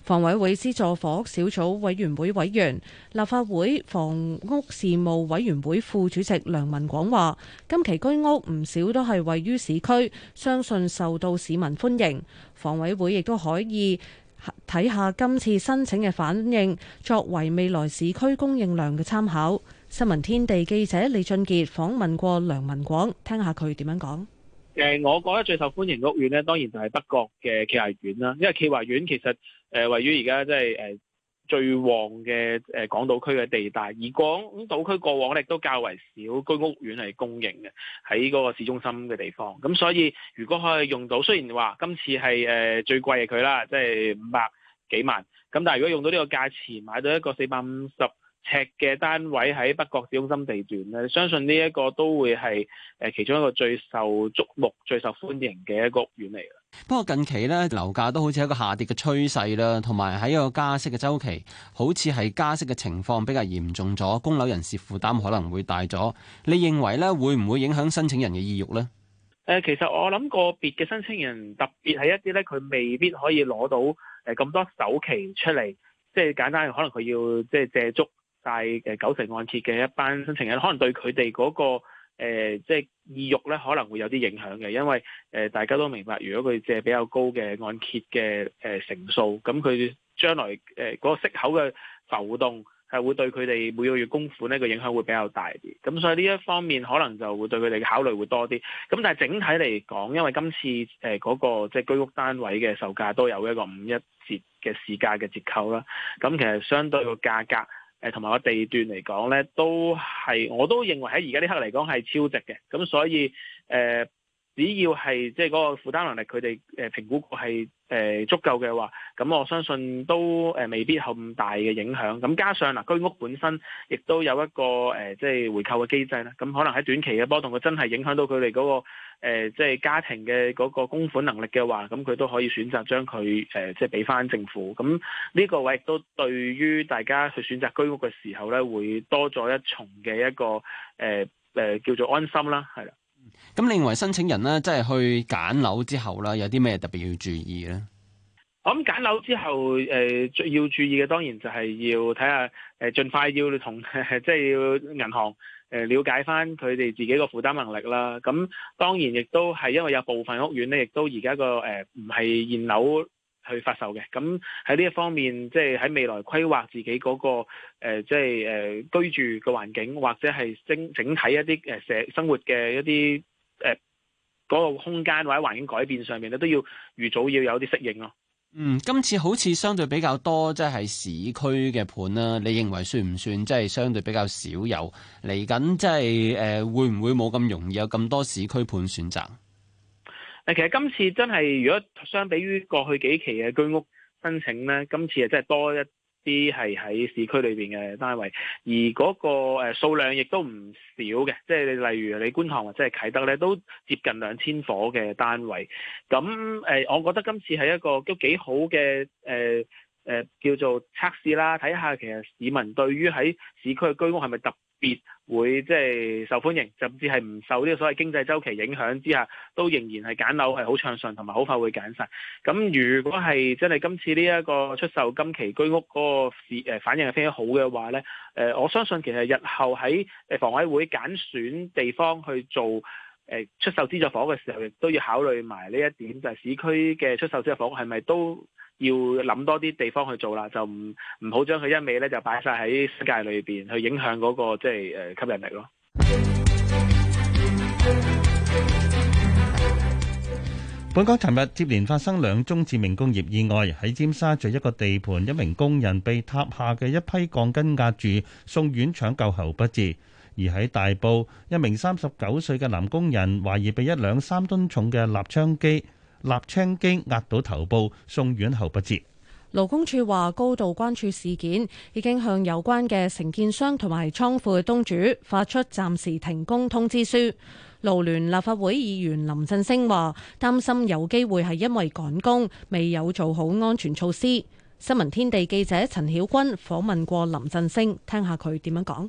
房委會資助房屋小組委員會委員、立法會房屋事務委員會副主席梁文廣話，今期居屋唔少都係位於市區，相信受到市民歡迎。房委會亦都可以睇下今次申請嘅反應，作為未來市區供應量嘅參考。新聞天地記者李俊杰訪問過梁文廣，聽下佢點樣講。誒，我覺得最受歡迎屋苑咧，當然就係北角嘅企華苑啦。因為企華苑其實誒位於而家即係誒最旺嘅誒港島區嘅地帶，而港島區過往咧亦都較為少居屋苑係供應嘅喺嗰個市中心嘅地方。咁所以如果可以用到，雖然話今次係誒最貴嘅佢啦，即係五百幾萬，咁但係如果用到呢個價錢，買到一個四百五十。尺嘅單位喺北角市中心地段咧，相信呢一個都會係誒其中一個最受矚目、最受歡迎嘅一個屋苑嚟。不過近期咧樓價都好似一個下跌嘅趨勢啦，同埋喺一個加息嘅周期，好似係加息嘅情況比較嚴重咗，供樓人士負擔可能會大咗。你認為咧會唔會影響申請人嘅意欲呢？誒，其實我諗個別嘅申請人，特別係一啲呢，佢未必可以攞到誒咁多首期出嚟，即係簡單可能佢要即係借足大嘅九成按揭嘅一班申請人，可能對佢哋嗰個即係、呃就是、意欲咧，可能會有啲影響嘅，因為誒、呃、大家都明白，如果佢借比較高嘅按揭嘅誒、呃、成數，咁佢將來誒嗰、呃那個息口嘅浮動係會對佢哋每個月供款咧嘅影響會比較大啲。咁所以呢一方面可能就會對佢哋嘅考慮會多啲。咁但係整體嚟講，因為今次誒嗰、呃那個即係、就是、居屋單位嘅售價都有一個五一折嘅市價嘅折扣啦，咁其實相對個價格，誒同埋個地段嚟講咧，都係我都認為喺而家呢刻嚟講係超值嘅，咁所以誒、呃，只要係即係嗰個負擔能力，佢哋誒評估係。誒足夠嘅話，咁我相信都誒未必係咁大嘅影響。咁加上嗱，居屋本身亦都有一個誒、呃，即係回購嘅機制啦。咁可能喺短期嘅波動，佢真係影響到佢哋嗰個、呃、即係家庭嘅嗰個供款能力嘅話，咁佢都可以選擇將佢誒、呃，即係俾翻政府。咁呢個位亦都對於大家去選擇居屋嘅時候咧，會多咗一重嘅一個誒誒、呃、叫做安心啦，係啦。咁，你認為申請人咧，即係去揀樓之後啦，有啲咩特別要注意咧？我諗揀樓之後，誒、呃，最要注意嘅，當然就係要睇下，誒、呃，盡快要同即係要銀行，誒、呃，了解翻佢哋自己個負擔能力啦。咁當然亦都係因為有部分屋苑咧，亦都而家個誒，呃，唔係現樓。去發售嘅，咁喺呢一方面，即係喺未來規劃自己嗰個誒，即係誒居住嘅環境，或者係整整體一啲誒社生活嘅一啲誒嗰個空間或者環境改變上面咧，都要預早要有啲適應咯。嗯，今次好似相對比較多，即係市區嘅盤啦。你認為算唔算即係相對比較少有嚟緊？即係誒、呃、會唔會冇咁容易有咁多市區盤選擇？誒其實今次真係，如果相比於過去幾期嘅居屋申請咧，今次誒真係多一啲係喺市區裏邊嘅單位，而嗰、那個誒、呃、數量亦都唔少嘅，即係你例如你觀塘或者係啟德咧，都接近兩千伙嘅單位。咁誒、呃，我覺得今次係一個都幾好嘅誒誒叫做測試啦，睇下其實市民對於喺市區嘅居屋係咪特別。會即係受歡迎，甚至係唔受呢個所謂經濟周期影響之下，都仍然係揀樓係好暢順，同埋好快會揀晒。咁如果係真係今次呢一個出售今期居屋嗰個市誒、呃、反應係非常好嘅話呢，誒、呃、我相信其實日後喺誒房委會揀選，選地方去做誒、呃、出售資助房嘅時候，亦都要考慮埋呢一點，就係、是、市區嘅出售資助房係咪都？要諗多啲地方去做啦，就唔唔好將佢一味咧，就擺晒喺世界裏邊去影響嗰個即係誒吸引力咯。本港尋日接連發生兩宗致命工業意外，喺尖沙咀一個地盤，一名工人被塌下嘅一批鋼筋壓住，送院搶救後不治；而喺大埔，一名三十九歲嘅男工人懷疑被一兩三噸重嘅立槍機。.立青機壓到頭部，送院後不治。勞工處話高度關注事件，已經向有關嘅承建商同埋倉庫嘅東主發出暫時停工通知書。勞聯立法會議員林振升話，擔心有機會係因為趕工，未有做好安全措施。新聞天地記者陳曉君訪問過林振升，聽下佢點樣講。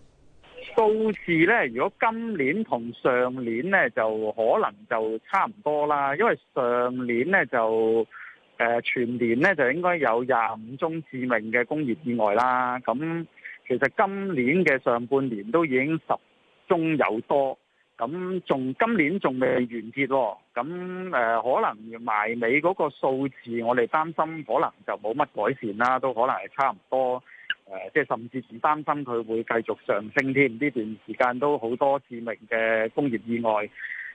數字咧，如果今年同上年咧，就可能就差唔多啦。因為上年咧就誒、呃、全年咧就應該有廿五宗致命嘅工業意外啦。咁其實今年嘅上半年都已經十宗有多，咁仲今年仲未完結喎。咁誒、呃、可能埋尾嗰個數字，我哋擔心可能就冇乜改善啦，都可能係差唔多。誒，即係甚至仲擔心佢會繼續上升添。呢段時間都好多致命嘅工業意外。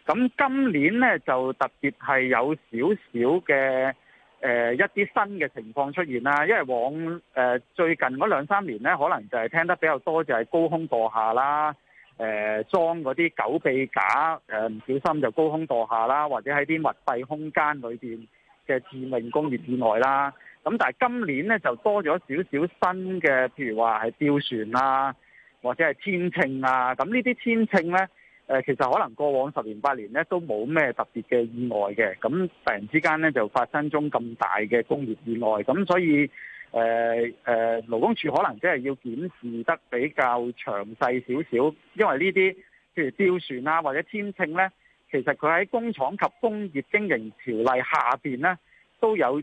咁今年呢，就特別係有少少嘅誒、呃、一啲新嘅情況出現啦。因為往誒、呃、最近嗰兩三年呢，可能就係聽得比較多就係、是、高空墮下啦，誒裝嗰啲狗臂架誒唔、呃、小心就高空墮下啦，或者喺啲密閉空間裏邊嘅致命工業意外啦。呃咁但係今年咧就多咗少少新嘅，譬如話係吊船啊，或者係天秤啊。咁呢啲天秤咧，誒、呃、其實可能過往十年八年咧都冇咩特別嘅意外嘅。咁突然之間咧就發生中咁大嘅工業意外，咁所以誒誒、呃呃、勞工處可能即係要檢視得比較詳細少少，因為呢啲譬如吊船啊或者天秤咧，其實佢喺工廠及工業經營條例下邊咧都有。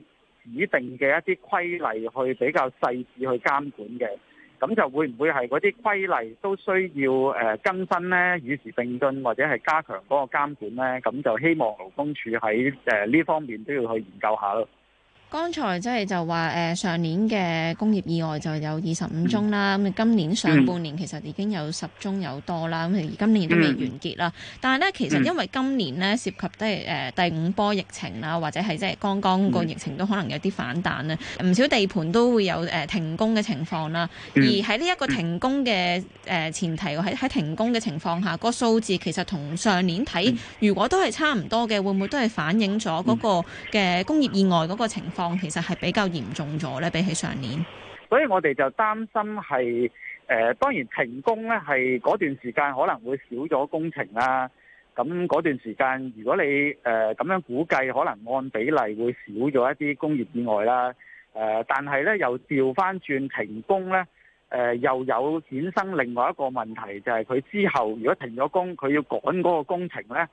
已定嘅一啲規例去比較細緻去監管嘅，咁就會唔會係嗰啲規例都需要誒更新呢？與時並進或者係加強嗰個監管呢？咁就希望勞工處喺誒呢方面都要去研究下咯。剛才即係就話誒、呃、上年嘅工業意外就有二十五宗啦，咁今年上半年其實已經有十宗有多啦，咁而今年亦都未完結啦。但係咧，其實因為今年咧涉及即係誒第五波疫情啦，或者係即係剛剛個疫情都可能有啲反彈咧，唔少地盤都會有誒、呃、停工嘅情況啦。而喺呢一個停工嘅誒前提，喺喺停工嘅情況下，個數字其實同上年睇，如果都係差唔多嘅，會唔會都係反映咗嗰個嘅工業意外嗰個情況？其實係比較嚴重咗咧，比起上年，所以我哋就擔心係，誒、呃，當然停工咧，係嗰段時間可能會少咗工程啦、啊。咁嗰段時間，如果你誒咁、呃、樣估計，可能按比例會少咗一啲工業意外啦。誒、呃，但係咧又調翻轉，停工咧，誒、呃，又有衍生另外一個問題，就係、是、佢之後如果停咗工，佢要趕嗰個工程咧。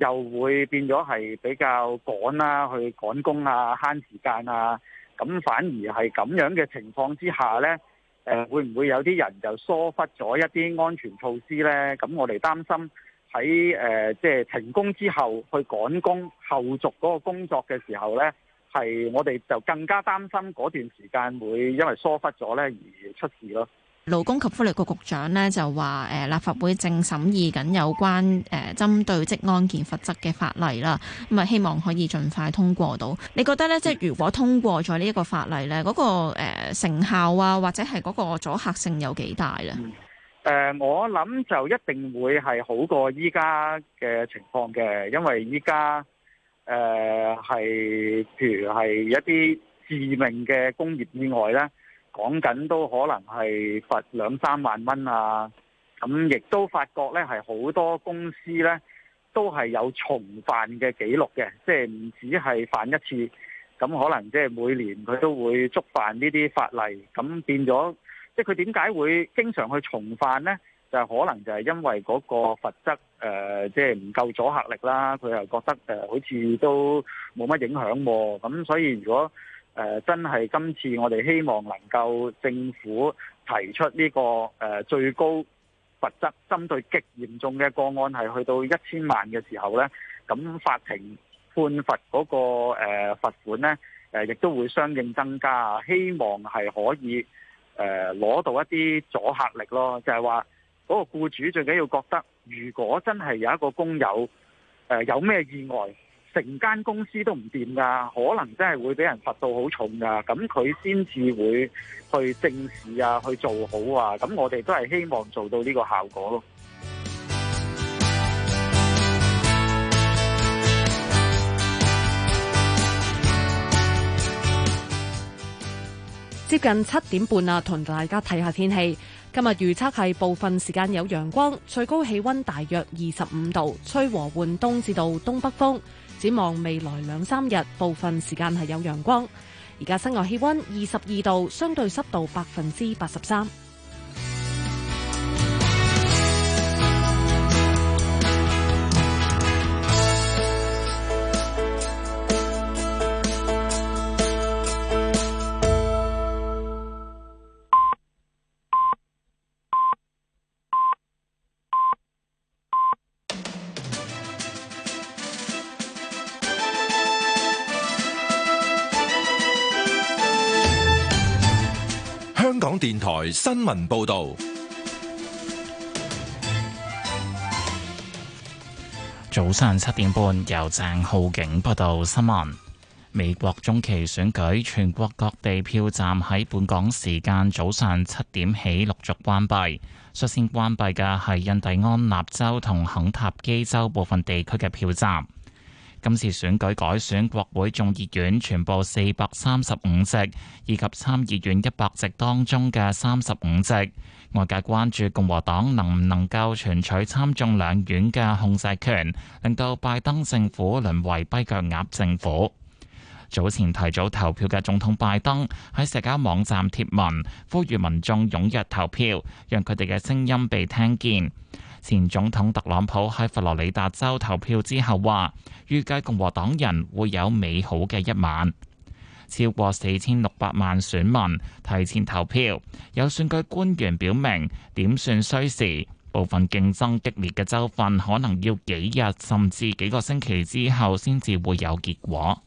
又會變咗係比較趕啦、啊，去趕工啊，慳時間啊，咁反而係咁樣嘅情況之下呢，誒、呃、會唔會有啲人就疏忽咗一啲安全措施呢？咁我哋擔心喺誒即係停工之後去趕工後續嗰個工作嘅時候呢，係我哋就更加擔心嗰段時間會因為疏忽咗呢而出事咯。勞工及福利局局長咧，就話，誒，立法會正審議緊有關誒針對職安健罰則嘅法例啦，咁啊，希望可以盡快通過到。你覺得咧，即係如果通過咗呢一個法例咧，嗰個誒成效啊，或者係嗰個阻吓性有幾大咧？誒，我諗就一定會係好過依家嘅情況嘅，因為依家誒係譬如係一啲致命嘅工業意外咧，講緊都可能係罰兩三萬蚊啊！咁亦都發覺呢，係好多公司呢都係有重犯嘅記錄嘅，即係唔止係犯一次，咁可能即係每年佢都會觸犯呢啲法例，咁變咗即係佢點解會經常去重犯呢？就係可能就係因為嗰個罰則誒，即係唔夠阻嚇力啦，佢又覺得誒好似都冇乜影響喎，咁所以如果。誒真係今次我哋希望能夠政府提出呢個誒最高罰則，針對極嚴重嘅個案係去到一千萬嘅時候呢，咁法庭判罰嗰個誒罰款呢，誒，亦都會相應增加，希望係可以誒攞到一啲阻嚇力咯，就係話嗰個僱主最緊要覺得，如果真係有一個工友誒有咩意外。成間公司都唔掂噶，可能真係會俾人罰到好重噶，咁佢先至會去正視啊，去做好啊。咁我哋都係希望做到呢個效果咯。接近七點半啊，同大家睇下天氣。今日預測係部分時間有陽光，最高氣溫大約二十五度，吹和緩東至到東北風。展望未來兩三日，部分時間係有陽光。而家室外氣温二十二度，相對濕度百分之八十三。電台新聞報道，早上七點半由鄭浩景報道新聞。美國中期選舉，全國各地票站喺本港時間早上七點起陸續關閉，率先關閉嘅係印第安納州同肯塔基州部分地區嘅票站。今次選舉改選國會眾議院全部四百三十五席，以及參議院一百席當中嘅三十五席。外界關注共和黨能唔能夠全取參眾兩院嘅控制權，令到拜登政府淪為跛腳鴨政府。早前提早投票嘅總統拜登喺社交網站貼文，呼籲民眾踴躍投票，讓佢哋嘅聲音被聽見。前總統特朗普喺佛羅里達州投票之後話：預計共和黨人會有美好嘅一晚。超過四千六百萬選民提前投票，有選舉官員表明點算需時，部分競爭激烈嘅州份可能要幾日甚至幾個星期之後先至會有結果。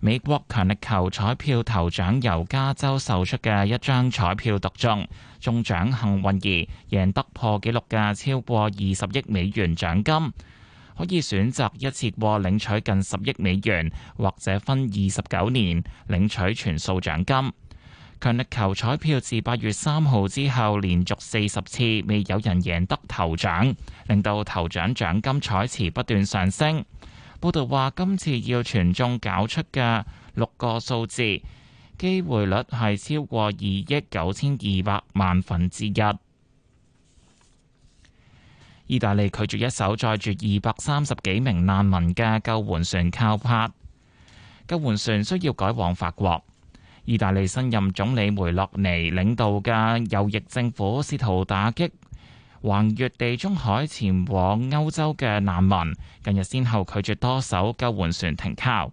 美國強力球彩票頭獎由加州售出嘅一張彩票獨中。中獎幸運兒贏得破紀錄嘅超過二十億美元獎金，可以選擇一次過領取近十億美元，或者分二十九年領取全數獎金。強力球彩票自八月三號之後連續四十次未有人贏得頭獎，令到頭獎獎金彩池不斷上升。報道話今次要全中攪出嘅六個數字。機會率係超過二億九千二百萬分之一。意大利拒絕一艘載住二百三十幾名難民嘅救援船靠泊。救援船需要改往法國。意大利新任總理梅洛尼領導嘅右翼政府試圖打擊橫越地中海前往歐洲嘅難民，近日先後拒絕多艘救援船停靠。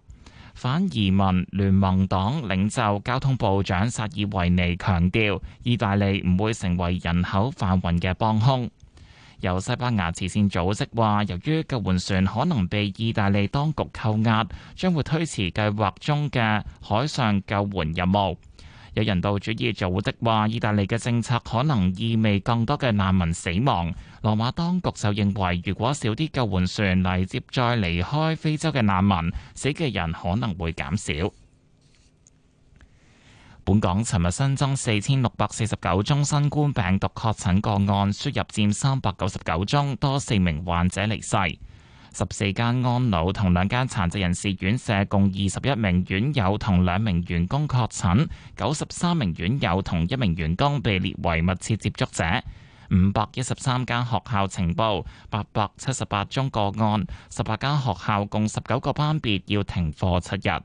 反移民聯盟黨領袖交通部長薩爾維尼強調，意大利唔會成為人口販運嘅幫兇。有西班牙慈善組織話，由於救援船可能被意大利當局扣押，將會推遲計劃中嘅海上救援任務。有人道主義組織話，意大利嘅政策可能意味更多嘅難民死亡。羅馬當局就認為，如果少啲救援船嚟接載離開非洲嘅難民，死嘅人可能會減少。本港尋日新增四千六百四十九宗新冠病毒確診個案，輸入佔三百九十九宗，多四名患者離世。十四間安老同兩間殘疾人士院舍共二十一名院友同兩名員工確診，九十三名院友同一名員工被列為密切接觸者。五百一十三間學校情報，八百七十八宗個案，十八間學校共十九個班別要停課七日。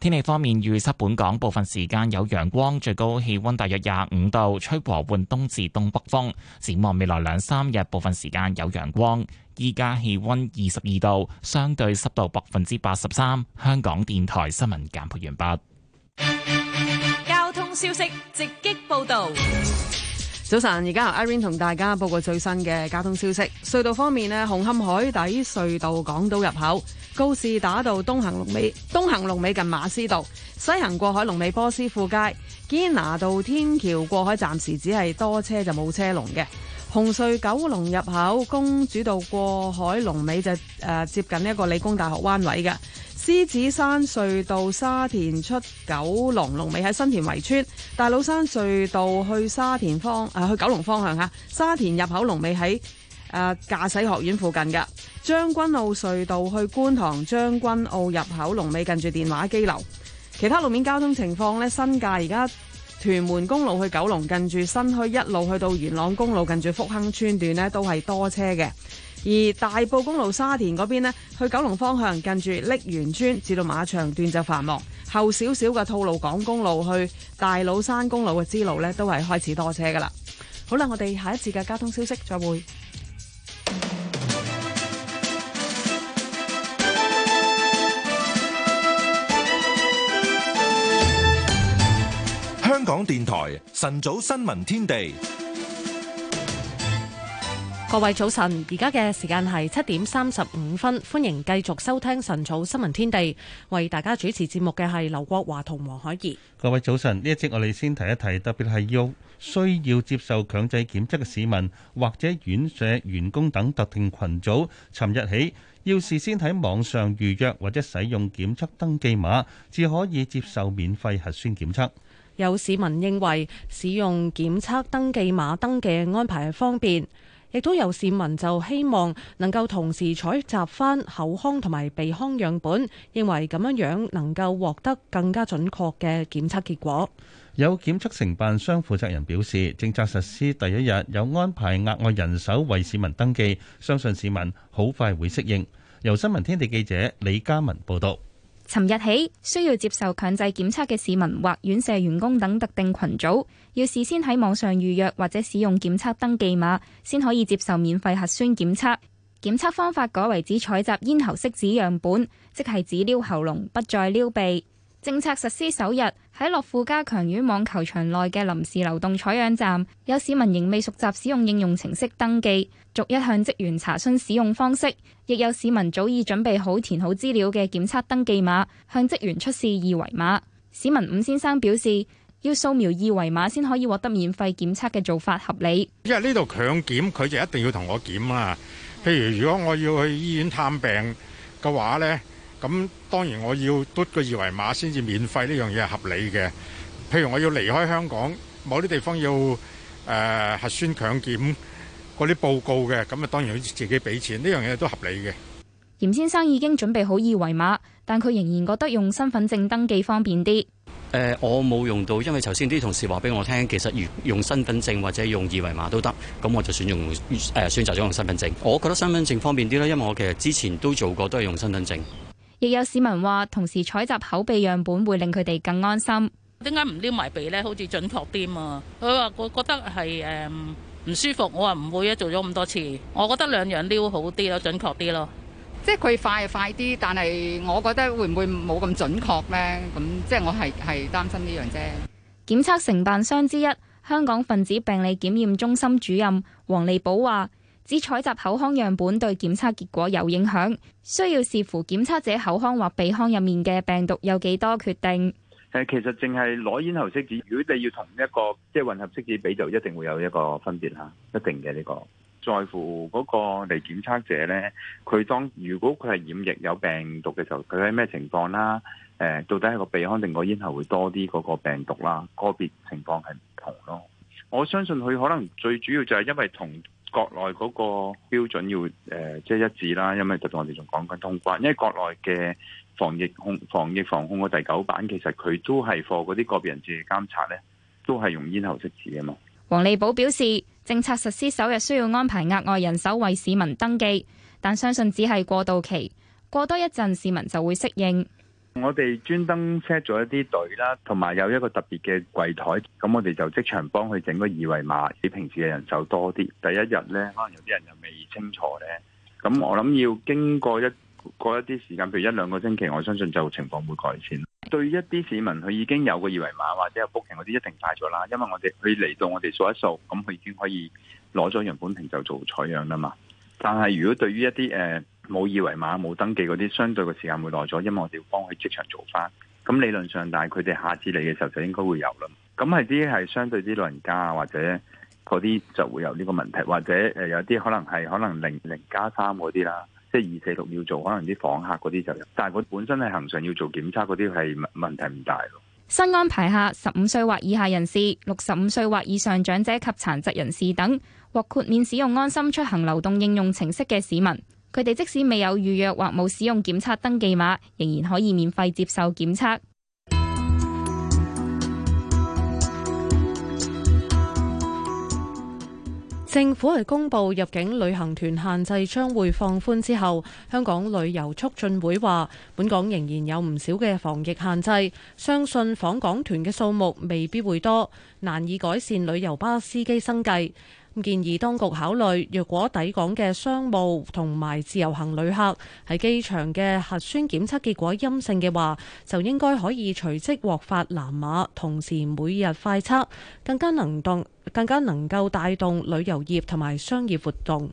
天氣方面，預測本港部分時間有陽光，最高氣溫大約廿五度，吹和緩東至東北風。展望未來兩三日，部分時間有陽光。依家氣溫二十二度，相對濕度百分之八十三。香港電台新聞簡報完畢。交通消息直擊報道。早晨，而家阿 Irene 同大家報告最新嘅交通消息。隧道方面咧，紅磡海底隧道港島入口。告士打道東行龍尾，東行龍尾近馬師道；西行過海龍尾波斯富街。堅拿道天橋過海暫時只係多車就冇車龍嘅。紅隧九龍入口公主道過海龍尾就誒、呃、接近一個理工大學灣位嘅。獅子山隧道沙田出九龍龍尾喺新田圍村。大老山隧道去沙田方誒、呃、去九龍方向吓，沙田入口龍尾喺誒駕駛學院附近嘅。將軍澳隧道去觀塘，將軍澳入口龍尾近住電話機樓，其他路面交通情況呢，新界而家屯門公路去九龍，近住新墟一路去到元朗公路近住福亨村段呢，都係多車嘅。而大埔公路沙田嗰邊呢，去九龍方向近住瀝源村至到馬場段就繁忙，後少少嘅吐露港公路去大老山公路嘅支路呢都係開始多車㗎喇。好啦，我哋下一節嘅交通消息再會。港電台晨早新聞天地，各位早晨，而家嘅時間係七點三十五分，歡迎繼續收聽晨早新聞天地。為大家主持節目嘅係劉國華同黃海怡。各位早晨，呢一節我哋先提一提，特別係要需要接受強制檢測嘅市民或者院舍員工等特定群組，尋日起要事先喺網上預約或者使用檢測登記碼，至可以接受免費核酸檢測。有市民認為使用檢測登記碼登記嘅安排方便，亦都有市民就希望能夠同時採集翻口腔同埋鼻腔樣本，認為咁樣樣能夠獲得更加準確嘅檢測結果。有檢測承辦商負責人表示，政策實施第一日有安排額外人手為市民登記，相信市民好快會適應。由新聞天地記者李嘉文報導。尋日起，需要接受強制檢測嘅市民或院舍員工等特定群組，要事先喺網上預約或者使用檢測登記碼，先可以接受免費核酸檢測。檢測方法改為只採集咽喉拭子樣本，即係只撩喉嚨，不再撩鼻。政策實施首日，喺樂富加強院網球場內嘅臨時流動採樣站，有市民仍未熟習使用應用程式登記。逐一向職員查詢使用方式，亦有市民早已準備好填好資料嘅檢測登記碼，向職員出示二維碼。市民伍先生表示，要掃描二維碼先可以獲得免費檢測嘅做法合理。因為呢度強檢，佢就一定要同我檢啦。譬如如果我要去醫院探病嘅話呢，咁當然我要嘟個二維碼先至免費呢樣嘢係合理嘅。譬如我要離開香港，某啲地方要誒、呃、核酸強檢。嗰啲報告嘅，咁啊當然好似自己俾錢呢樣嘢都合理嘅。嚴先生已經準備好二維碼，但佢仍然覺得用身份證登記方便啲。誒、呃，我冇用到，因為頭先啲同事話俾我聽，其實用用身份證或者用二維碼都得，咁我就選用誒、呃、選擇咗用身份證。我覺得身份證方便啲啦，因為我其實之前都做過，都係用身份證。亦有市民話，同時採集口鼻樣本會令佢哋更安心。點解唔撩埋鼻咧？好似準確啲嘛？佢話我覺得係誒。嗯唔舒服，我話唔會啊！做咗咁多次，我覺得兩樣撩好啲咯，準確啲咯。即係佢快係快啲，但係我覺得會唔會冇咁準確呢？咁即係我係係擔心呢樣啫。檢測承辦商之一香港分子病理檢驗中心主任黃利寶話，只採集口腔樣本對檢測結果有影響，需要視乎檢測者口腔或鼻腔入面嘅病毒有幾多決定。誒，其實淨係攞咽喉拭子，如果你要同一個即係混合拭子比，就一定會有一個分別吓，一定嘅，呢個。在乎嗰個嚟，檢測者咧，佢當如果佢係染疫有病毒嘅時候，佢喺咩情況啦？誒、呃，到底係個鼻腔定個咽喉會多啲嗰個病毒啦？個別情況係唔同咯。我相信佢可能最主要就係因為同國內嗰個標準要誒即係一致啦，因為就同我哋仲講緊通關，因為國內嘅。防疫控防疫防控嘅第九版，其實佢都係貨嗰啲個別人士監察咧，都係用咽喉拭子啊嘛。黃利寶表示，政策實施首日需要安排額外人手為市民登記，但相信只係過渡期，過多一陣市民就會適應。我哋專登 set 咗一啲隊啦，同埋有一個特別嘅櫃台，咁我哋就即場幫佢整個二維碼，比平時嘅人手多啲。第一日咧，可能有啲人又未清楚咧，咁我諗要經過一。過一啲時間，譬如一兩個星期，我相信就情況會改善。對於一啲市民，佢已經有個二維碼或者有 booking 嗰啲，一定快咗啦。因為我哋佢嚟到我哋掃一掃，咁、嗯、佢已經可以攞咗樣本瓶就做採樣啦嘛。但係如果對於一啲誒冇二維碼冇登記嗰啲，相對嘅時間會耐咗，因為我哋要幫佢即場做翻。咁理論上，但係佢哋下次嚟嘅時候就應該會有啦。咁係啲係相對啲老人家啊，或者嗰啲就會有呢個問題，或者誒、呃、有啲可能係可能零零加三嗰啲啦。即係二四六要做，可能啲訪客嗰啲就，但係我本身係恆常要做檢測嗰啲係問問題唔大。新安排下，十五歲或以下人士、六十五歲或以上長者及殘疾人士等，獲豁免使用安心出行流動應用程式嘅市民，佢哋即使未有預約或冇使用檢測登記碼，仍然可以免費接受檢測。政府喺公布入境旅行團限制將會放寬之後，香港旅遊促進會話：本港仍然有唔少嘅防疫限制，相信訪港團嘅數目未必會多，難以改善旅遊巴司機生計。建議當局考慮，若果抵港嘅商務同埋自由行旅客喺機場嘅核酸檢測結果陰性嘅話，就應該可以隨即獲發藍碼，同時每日快測，更加能動，更加能夠帶動旅遊業同埋商業活動。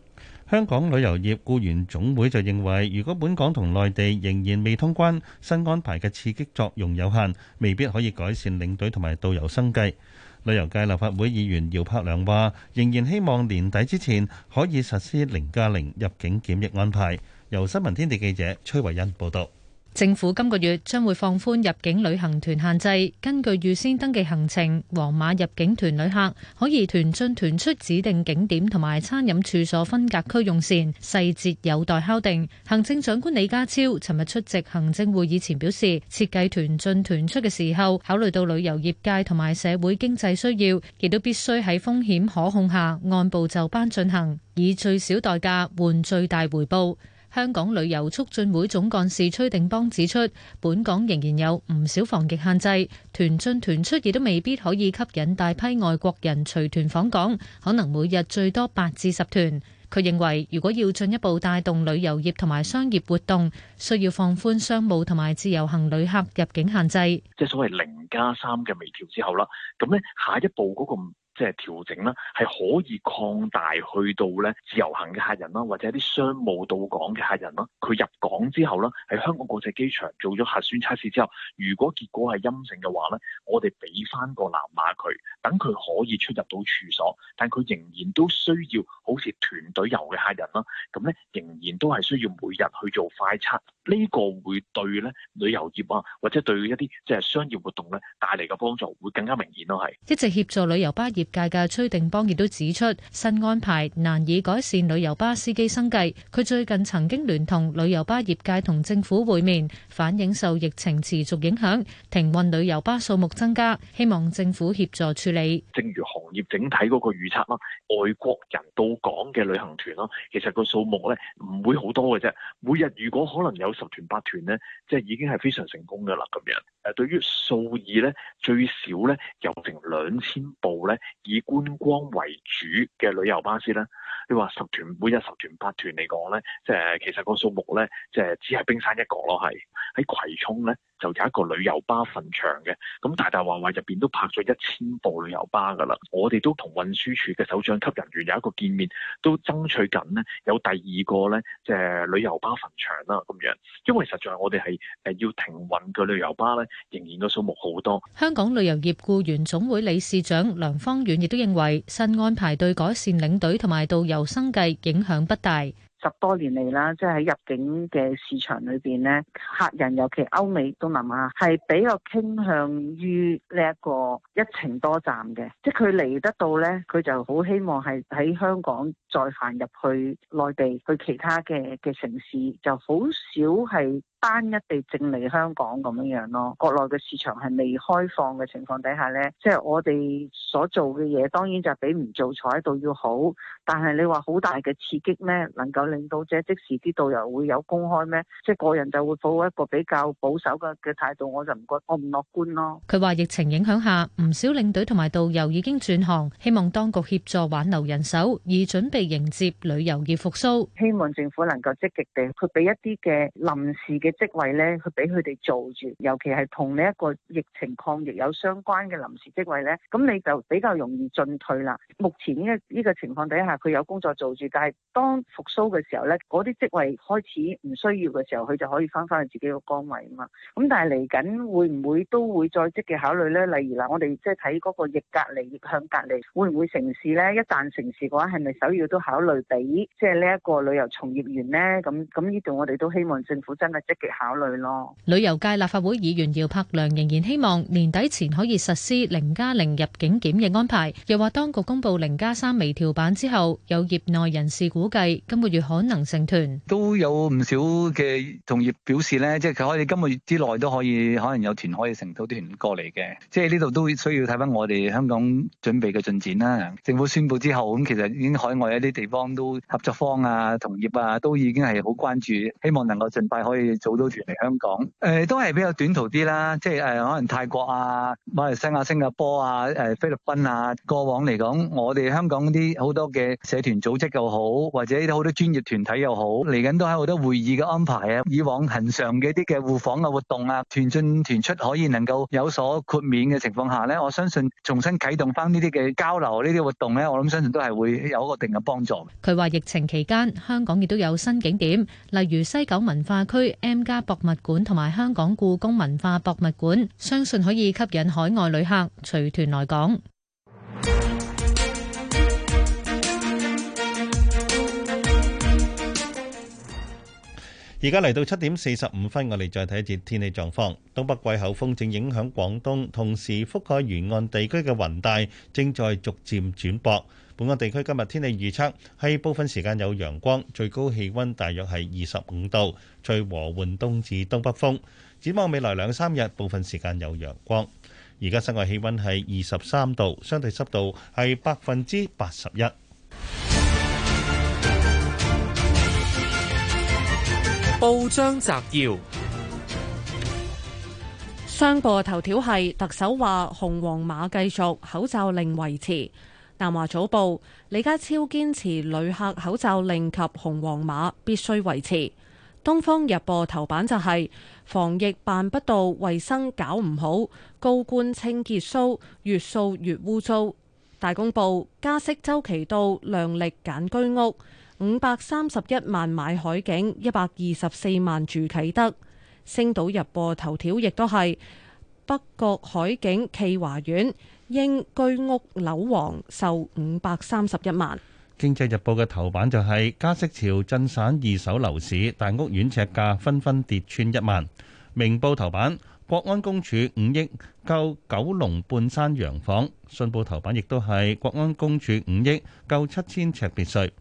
香港旅遊業僱員總會就認為，如果本港同內地仍然未通關，新安排嘅刺激作用有限，未必可以改善領隊同埋導遊生計。旅遊界立法會議員姚柏良話：仍然希望年底之前可以實施零加零入境檢疫安排。由新聞天地記者崔惠恩報道。政府今個月將會放寬入境旅行團限制，根據預先登記行程，皇馬入境團旅客，可以團進團出指定景點同埋餐飲、處所分隔區用膳，細節有待敲定。行政長官李家超，尋日出席行政會議前表示，設計團進團出嘅時候，考慮到旅遊業界同埋社會經濟需要，亦都必須喺風險可控下，香港旅遊促進會總幹事崔定邦指出，本港仍然有唔少防疫限制，團進團出亦都未必可以吸引大批外國人隨團訪港，可能每日最多八至十團。佢認為，如果要進一步帶動旅遊業同埋商業活動，需要放寬商務同埋自由行旅客入境限制，即係所謂零加三嘅微調之後啦。咁咧，下一步嗰個即係調整啦，係可以擴大去到咧自由行嘅客人啦，或者一啲商務到港嘅客人啦，佢入港之後啦，喺香港國際機場做咗核酸測試之後，如果結果係陰性嘅話咧，我哋俾翻個藍碼佢，等佢可以出入到處所，但佢仍然都需要好似團隊遊嘅客人啦，咁咧仍然都係需要每日去做快測。呢個會對咧旅遊業啊，或者對一啲即係商業活動咧帶嚟嘅幫助會更加明顯咯，係一直協助旅遊巴業。業界崔定邦亦都指出，新安排難以改善旅遊巴司機生計。佢最近曾經聯同旅遊巴業界同政府會面，反映受疫情持續影響，停運旅遊巴數目增加，希望政府協助處理。正如行業整體嗰個預測啦，外國人到港嘅旅行團咯，其實個數目咧唔會好多嘅啫。每日如果可能有十團八團咧，即係已經係非常成功噶啦咁樣。誒，對於數以咧，最少咧有成兩千部咧。以觀光為主嘅旅遊巴士咧，你話十團每日十團八團嚟講咧，即係其實個數目咧，即係只係冰山一角咯，係喺葵涌咧。就有一個旅遊巴墳場嘅，咁大大話話入邊都拍咗一千部旅遊巴噶啦，我哋都同運輸署嘅首長級人員有一個見面，都爭取緊呢有第二個咧，即係旅遊巴墳場啦咁樣，因為實在我哋係誒要停運嘅旅遊巴咧，仍然個數目好多。香港旅遊業僱員總會理事長梁方遠亦都認為，新安排對改善領隊同埋導遊生計影響不大。十多年嚟啦，即係喺入境嘅市場裏邊咧，客人尤其歐美東南亞，係比較傾向於呢一個一程多站嘅，即係佢嚟得到呢，佢就好希望係喺香港再行入去內地，去其他嘅嘅城市，就好少係單一地正嚟香港咁樣樣咯，國內嘅市場係未開放嘅情況底下咧，即係我哋所做嘅嘢，當然就比唔做坐喺度要好，但係你話好大嘅刺激咩？能夠令到者即時啲導遊會有工開咩？即係個人就會抱一個比較保守嘅嘅態度，我就唔覺我唔樂觀咯。佢話疫情影響下，唔少領隊同埋導遊已經轉行，希望當局協助挽留人手，以準備迎接旅遊業復甦，希望政府能夠積極地，去俾一啲嘅臨時嘅。職位咧，去俾佢哋做住，尤其係同呢一個疫情抗疫有相關嘅臨時職位咧，咁你就比較容易進退啦。目前呢呢個情況底下，佢有工作做住，但係當復甦嘅時候咧，嗰啲職位開始唔需要嘅時候，佢就可以翻返去自己個崗位嘛。咁但係嚟緊會唔會都會再積極考慮咧？例如嗱，我哋即係睇嗰個逆隔離、逆向隔離，會唔會成事咧？一旦成事嘅話，係咪首要都考慮俾即係呢一個旅遊從業員咧？咁咁呢度我哋都希望政府真係即。嘅考慮咯。旅遊界立法會議員姚柏良仍然希望年底前可以實施零加零入境檢疫安排。又話當局公布零加三微調版之後，有業內人士估計今個月可能成團。都有唔少嘅同業表示咧，即係佢可以今個月之內都可以，可能有團可以成到啲團過嚟嘅。即係呢度都需要睇返我哋香港準備嘅進展啦。政府宣布之後，咁其實已經海外一啲地方都合作方啊、同業啊，都已經係好關注，希望能夠儘快可以。組到團嚟香港，誒都係比較短途啲啦，即係誒可能泰國啊、馬來西亞、新加坡啊、誒菲律賓啊。過往嚟講，我哋香港啲好多嘅社團組織又好，或者呢啲好多專業團體又好，嚟緊都係好多會議嘅安排啊，以往恒常嘅啲嘅互訪嘅活動啊，團進團出可以能夠有所豁免嘅情況下咧，我相信重新啟動翻呢啲嘅交流呢啲活動呢，我諗相信都係會有一個定嘅幫助。佢話疫情期間，香港亦都有新景點，例如西九文化區。參加博物館同埋香港故宮文化博物館，相信可以吸引海外旅客隨團來港。而家嚟到七點四十五分，我哋再睇一節天氣狀況。東北季候風正影響廣東，同時覆蓋沿岸地區嘅雲帶正在逐漸轉薄。本港地區今日天氣預測係部分時間有陽光，最高氣温大約係二十五度，吹和緩東至東北風。展望未來兩三日，部分時間有陽光。而家室外氣温係二十三度，相對濕度係百分之八十一。報章摘要：商報頭條係特首話紅黃碼繼續，口罩令維持。南華早報：李家超堅持旅客口罩令及紅黃碼必須維持。東方日報頭版就係、是、防疫辦不到，衛生搞唔好，高官清潔騷，越掃越污糟。大公報加息周期到，量力揀居屋，五百三十一萬買海景，一百二十四萬住啟德。星島日報頭條亦都係北角海景驥華苑。應居屋樓王售五百三十一萬。經濟日報嘅頭版就係加息潮震散二手樓市，大屋苑尺價紛紛跌穿一萬。明報頭版，國安公署五億購九龍半山洋房。信報頭版亦都係國安公署五億購七千尺別墅。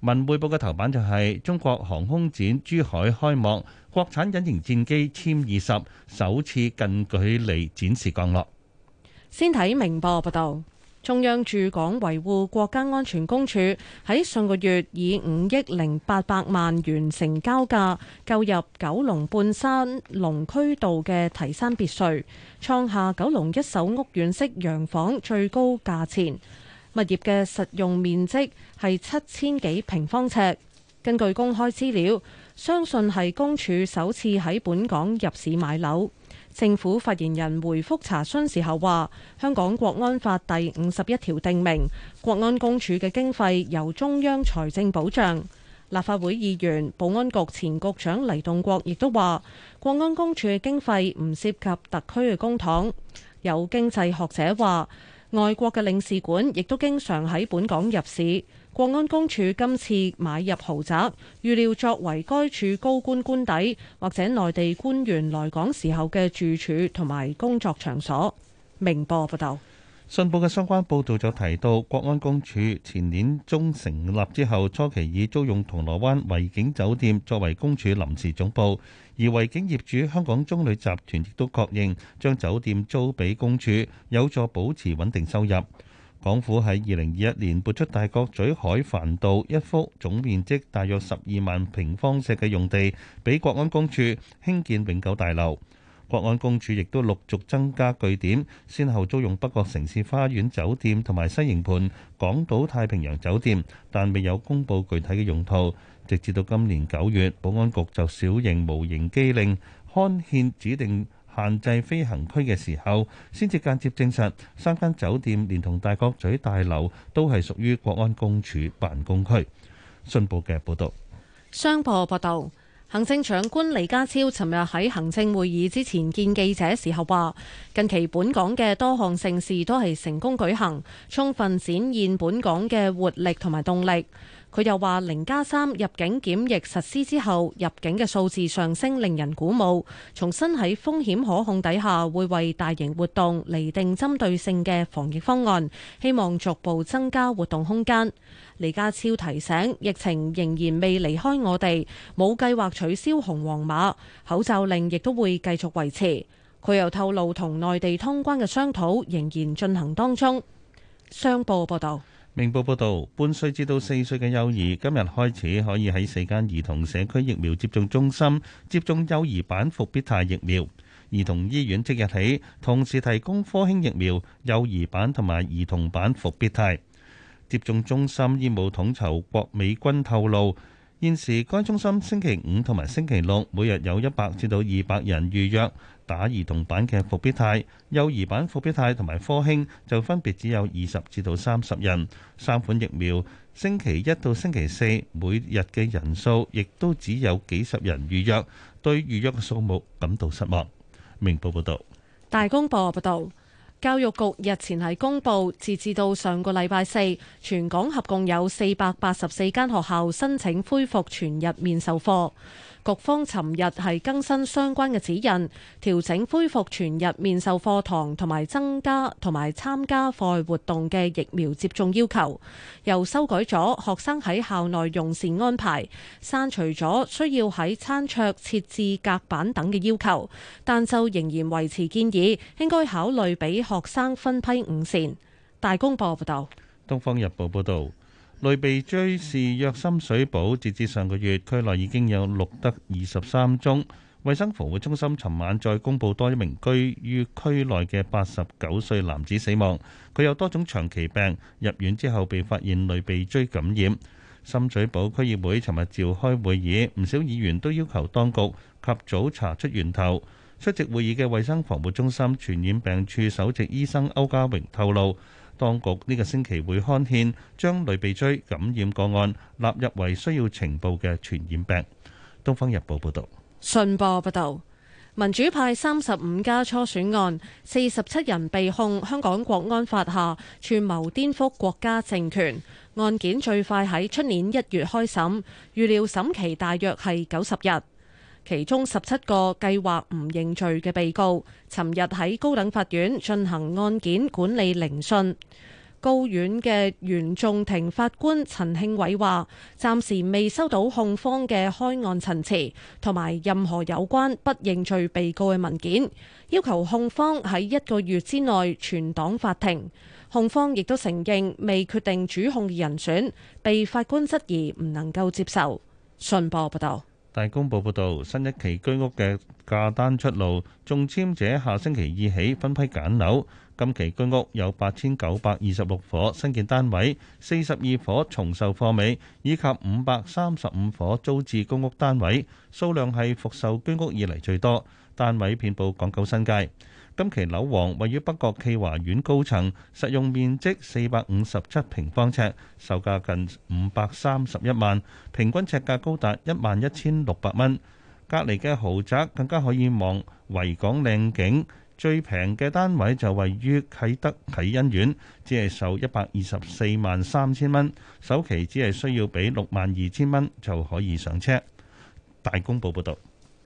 文匯報嘅頭版就係中國航空展珠海開幕，國產隱形戰機殲二十首次近距離展示降落。先睇明報報道，中央駐港維護國家安全公署喺上個月以五億零八百萬元成交價購入九龍半山龍駒道嘅提山別墅，創下九龍一手屋苑式洋房最高價錢。物業嘅實用面積係七千幾平方尺。根據公開資料，相信係公署首次喺本港入市買樓。政府發言人回覆查詢時候話：香港國安法第五十一條定明：「國安公署嘅經費由中央財政保障。」立法會議員、保安局前局長黎棟國亦都話：國安公署嘅經費唔涉及特區嘅公帑。有經濟學者話：外國嘅領事館亦都經常喺本港入市。國安公署今次買入豪宅，預料作為該處高官官邸或者內地官員來港時候嘅住處同埋工作場所。明報報道，信報嘅相關報道就提到，國安公署前年中成立之後，初期已租用銅鑼灣維景酒店作為公署臨時總部，而維景業主香港中旅集團亦都確認將酒店租俾公署，有助保持穩定收入。港府喺二零二一年撥出大角咀海帆道一幅總面積大約十二萬平方尺嘅用地，俾國安公署興建永久大樓。國安公署亦都陸續增加據點，先後租用北角城市花園酒店同埋西營盤港島太平洋酒店，但未有公布具體嘅用途。直至到今年九月，保安局就小型模型機令刊憲指定限制飛行區嘅時候，先至間接證實三間酒店連同大角咀大樓都係屬於國安公署辦公區。信報嘅報道，商報報道。行政長官李家超尋日喺行政會議之前見記者時候話，近期本港嘅多項盛事都係成功舉行，充分展現本港嘅活力同埋動力。佢又話：零加三入境檢疫實施之後，入境嘅數字上升，令人鼓舞。重新喺風險可控底下，會為大型活動釐定針對性嘅防疫方案，希望逐步增加活動空間。李家超提醒：疫情仍然未離開我哋，冇計劃取消紅黃碼，口罩令亦都會繼續維持。佢又透露，同內地通關嘅商討仍然進行當中。商報報道。明報報導，半歲至到四歲嘅幼兒今日開始可以喺四間兒童社區疫苗接種中心接種幼兒版復必泰疫苗。兒童醫院即日起同時提供科興疫苗幼兒版同埋兒童版復必泰。接種中心醫務統籌郭美君透露，現時該中心星期五同埋星期六每日有一百至到二百人預約。打兒童版嘅復必泰、幼兒版復必泰同埋科興就分別只有二十至到三十人。三款疫苗，星期一到星期四每日嘅人數亦都只有幾十人預約，對預約嘅數目感到失望。明報報道。大公報報道，教育局日前係公布，截至到上個禮拜四，全港合共有四百八十四間學校申請恢復全日面授課。局方尋日係更新相關嘅指引，調整恢復全日面授課堂，同埋增加同埋參加課外活動嘅疫苗接種要求，又修改咗學生喺校內用膳安排，刪除咗需要喺餐桌設置隔板等嘅要求，但就仍然維持建議應該考慮俾學生分批午膳。大公報報道。東方日報報道。類鼻疽肆虐深水埗，截至上個月，區內已經有錄得二十三宗。衛生防護中心尋晚再公布多一名居於區內嘅八十九歲男子死亡，佢有多種長期病，入院之後被發現類鼻疽感染。深水埗區議會尋日召開會議，唔少議員都要求當局及早查出源頭。出席會議嘅衛生防護中心傳染病處首席醫生歐家榮透露。當局呢個星期會刊憲將類鼻疽感染個案納入為需要呈報嘅傳染病。《東方日報》報導。信報報道，民主派三十五家初選案四十七人被控香港國安法下串謀顛覆國家政權。案件最快喺出年一月開審，預料審期大約係九十日。其中十七個計劃唔認罪嘅被告，尋日喺高等法院進行案件管理聆訊。高院嘅原訟庭法官陳慶偉話，暫時未收到控方嘅開案陳詞同埋任何有關不認罪被告嘅文件，要求控方喺一個月之內存檔法庭。控方亦都承認未決定主控嘅人選，被法官質疑唔能夠接受。信報報道。大公報報導，新一期居屋嘅價單出爐，中籤者下星期二起分批揀樓。今期居屋有八千九百二十六伙新建單位，四十二伙重售貨尾，以及五百三十五伙租置公屋單位，數量係復售居屋以嚟最多，單位遍佈港九新界。今期樓王位於北角暨華苑高層，實用面積四百五十七平方尺，售價近五百三十一萬，平均尺價高達一萬一千六百蚊。隔籬嘅豪宅更加可以望維港靚景，最平嘅單位就位於啟德啟欣苑，只係售一百二十四萬三千蚊，首期只係需要俾六萬二千蚊就可以上車。大公報報道。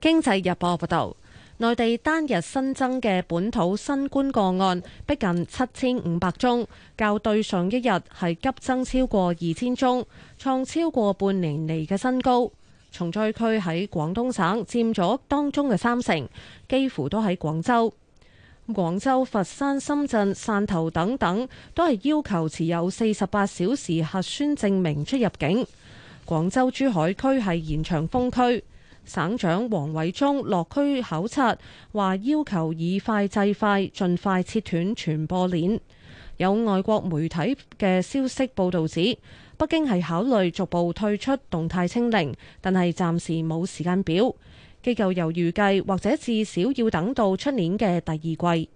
經濟日報報道。內地單日新增嘅本土新冠個案逼近七千五百宗，較對上一日係急增超過二千宗，創超過半年嚟嘅新高。重災區喺廣東省，佔咗當中嘅三成，幾乎都喺廣州。廣州、佛山、深圳、汕頭等等都係要求持有四十八小時核酸證明出入境。廣州珠海區係延長封區。省長王偉中落區考察，話要求以快制快，盡快切斷傳播鏈。有外國媒體嘅消息報導指，北京係考慮逐步退出動態清零，但係暫時冇時間表。機構又預計，或者至少要等到出年嘅第二季。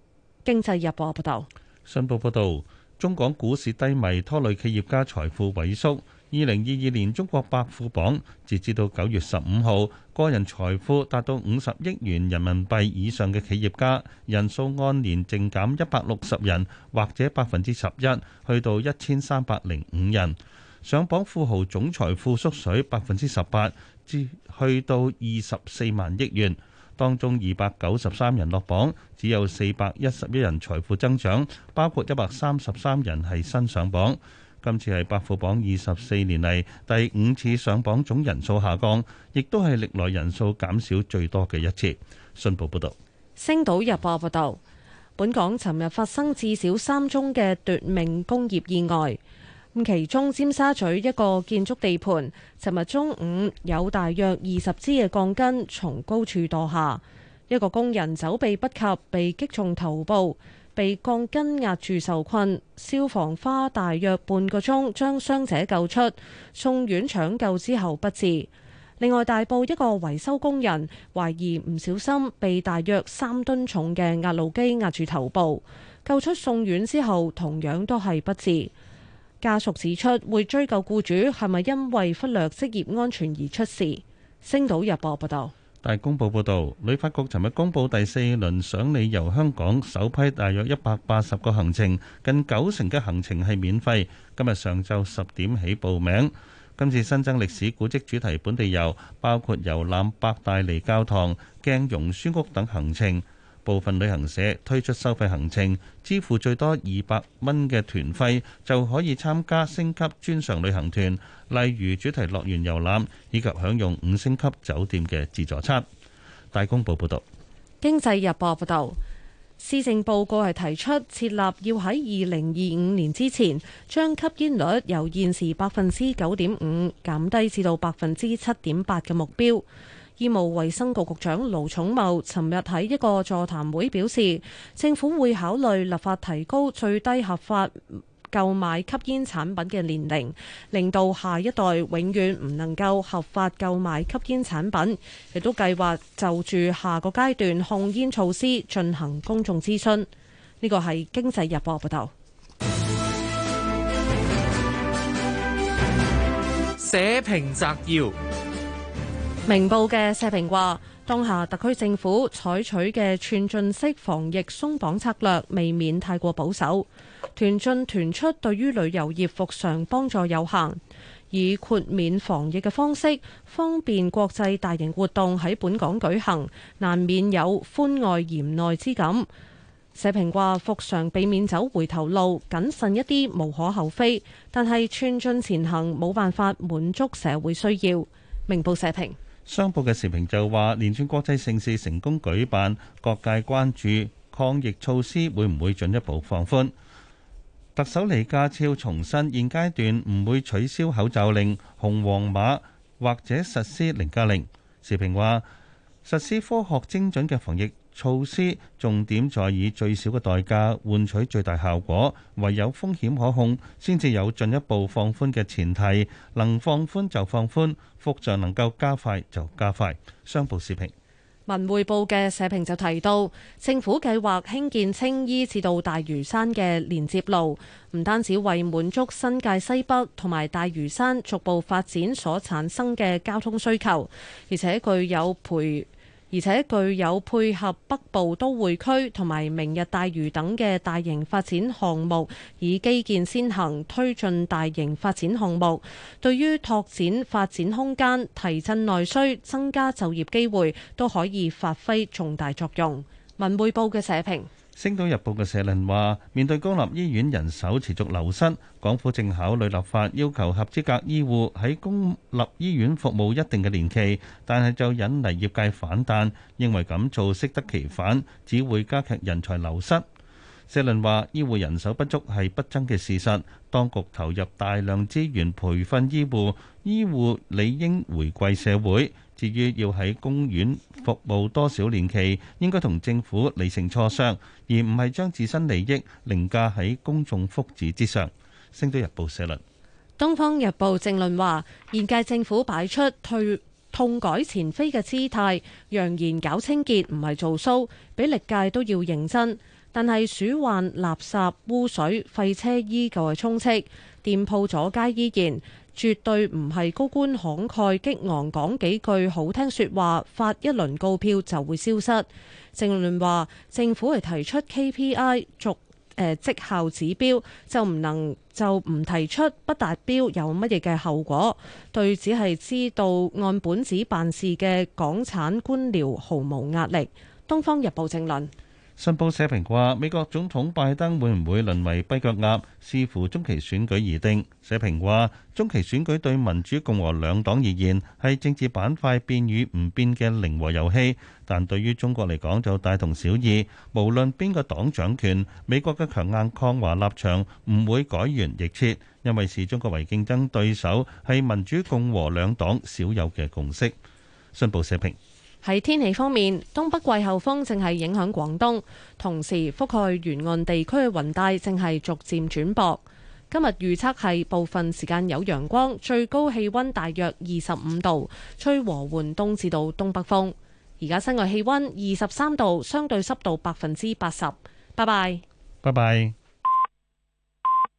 經濟日報報道，信報報道，中港股市低迷拖累企業家財富萎縮。二零二二年中國百富榜，截至到九月十五號，個人財富達到五十億元人民幣以上嘅企業家人數按年淨減一百六十人，或者百分之十一，去到一千三百零五人。上榜富豪總財富縮水百分之十八，至去到二十四萬億元。當中二百九十三人落榜，只有四百一十一人財富增長，包括一百三十三人係新上榜。今次係百富榜二十四年嚟第五次上榜總人數下降，亦都係歷來人數減少最多嘅一次。信報報道。星島日報報道，本港尋日發生至少三宗嘅奪命工業意外，其中尖沙咀一個建築地盤，尋日中午有大約二十支嘅鋼筋從高處墮下，一個工人走避不及，被擊中頭部。被鋼筋壓住受困，消防花大約半個鐘將傷者救出，送院搶救之後不治。另外，大埔一個維修工人懷疑唔小心被大約三噸重嘅壓路機壓住頭部，救出送院之後同樣都係不治。家屬指出，會追究雇主係咪因為忽略職業安全而出事。星島日報報道。大公報報導，旅發局尋日公佈第四輪賞你遊香港首批大約一百八十個行程，近九成嘅行程係免費。今日上晝十點起報名。今次新增歷史古蹟主題本地遊，包括遊覽伯大尼教堂、鏡蓉書屋等行程。部分旅行社推出收費行程，支付最多二百蚊嘅團費就可以參加升級專上旅行團，例如主題樂園遊覽以及享用五星級酒店嘅自助餐。大公報報道。經濟日報報道，施政報告係提出設立要喺二零二五年之前，將吸煙率由現時百分之九點五減低至到百分之七點八嘅目標。醫務衛生局局長盧寵茂尋日喺一個座談會表示，政府會考慮立法提高最低合法購買吸煙產品嘅年齡，令到下一代永遠唔能夠合法購買吸煙產品。亦都計劃就住下個階段控煙措施進行公眾諮詢。呢個係《經濟日報》報道。社評摘要。明報嘅社評話，當下特區政府採取嘅寸進式防疫鬆綁策略，未免太過保守。團進團出，對於旅遊業復常幫助有限。以豁免防疫嘅方式，方便國際大型活動喺本港舉行，難免有寬外嚴內之感。社評話，復常避免走回頭路，謹慎一啲無可厚非，但係寸進前行冇辦法滿足社會需要。明報社評。商報嘅時評就話，連串國際盛事成功舉辦，各界關注抗疫措施會唔會進一步放寬。特首李家超重申，現階段唔會取消口罩令、紅黃碼或者實施零加零。時評話，實施科學精準嘅防疫措施重點在以最少嘅代價換取最大效果，唯有風險可控，先至有進一步放寬嘅前提。能放寬就放寬，復像能夠加快就加快。商報視頻、文匯報嘅社評就提到，政府計劃興建青衣至到大嶼山嘅連接路，唔單止為滿足新界西北同埋大嶼山逐步發展所產生嘅交通需求，而且具有培而且具有配合北部都會區同埋明日大嶼等嘅大型發展項目，以基建先行推進大型發展項目，對於拓展發展空間、提振內需、增加就業機會，都可以發揮重大作用。文匯報嘅社評。星島日報嘅社論話，面對公立醫院人手持續流失，港府正考慮立法要求合資格醫護喺公立醫院服務一定嘅年期，但係就引嚟業界反彈，認為咁做適得其反，只會加劇人才流失。社論話，醫護人手不足係不爭嘅事實，當局投入大量資源培訓醫護，醫護理應回饋社會。至於要喺公園服務多少年期，應該同政府理性磋商，而唔係將自身利益凌駕喺公眾福祉之上。星島日報社論。《東方日報》政論話：現屆政府擺出退痛改前非嘅姿態，揚言搞清潔唔係做 show，比歷屆都要認真，但係鼠患、垃圾、污水、廢車依舊係充斥。店鋪阻街依然，絕對唔係高官慷慨激昂講幾句好聽說話，發一輪告票就會消失。正論話政府係提出 KPI 逐誒績、呃、效指標，就唔能就唔提出不達標有乜嘢嘅後果，對只係知道按本子辦事嘅港產官僚毫無壓力。東方日報正論。信報社評話：美國總統拜登會唔會淪為跛腳鴨，視乎中期選舉而定。社評話：中期選舉對民主共和兩黨而言，係政治板塊變與唔變嘅零和遊戲，但對於中國嚟講就大同小異。無論邊個黨掌權，美國嘅強硬抗華立場唔會改弦易轍，因為視中國為競爭對手，係民主共和兩黨少有嘅共識。信報社評。喺天氣方面，東北季候風正係影響廣東，同時覆蓋沿岸地區嘅雲帶正係逐漸轉薄。今日預測係部分時間有陽光，最高氣溫大約二十五度，吹和緩東至到東北風。而家室外氣溫二十三度，相對濕度百分之八十。拜拜，拜拜。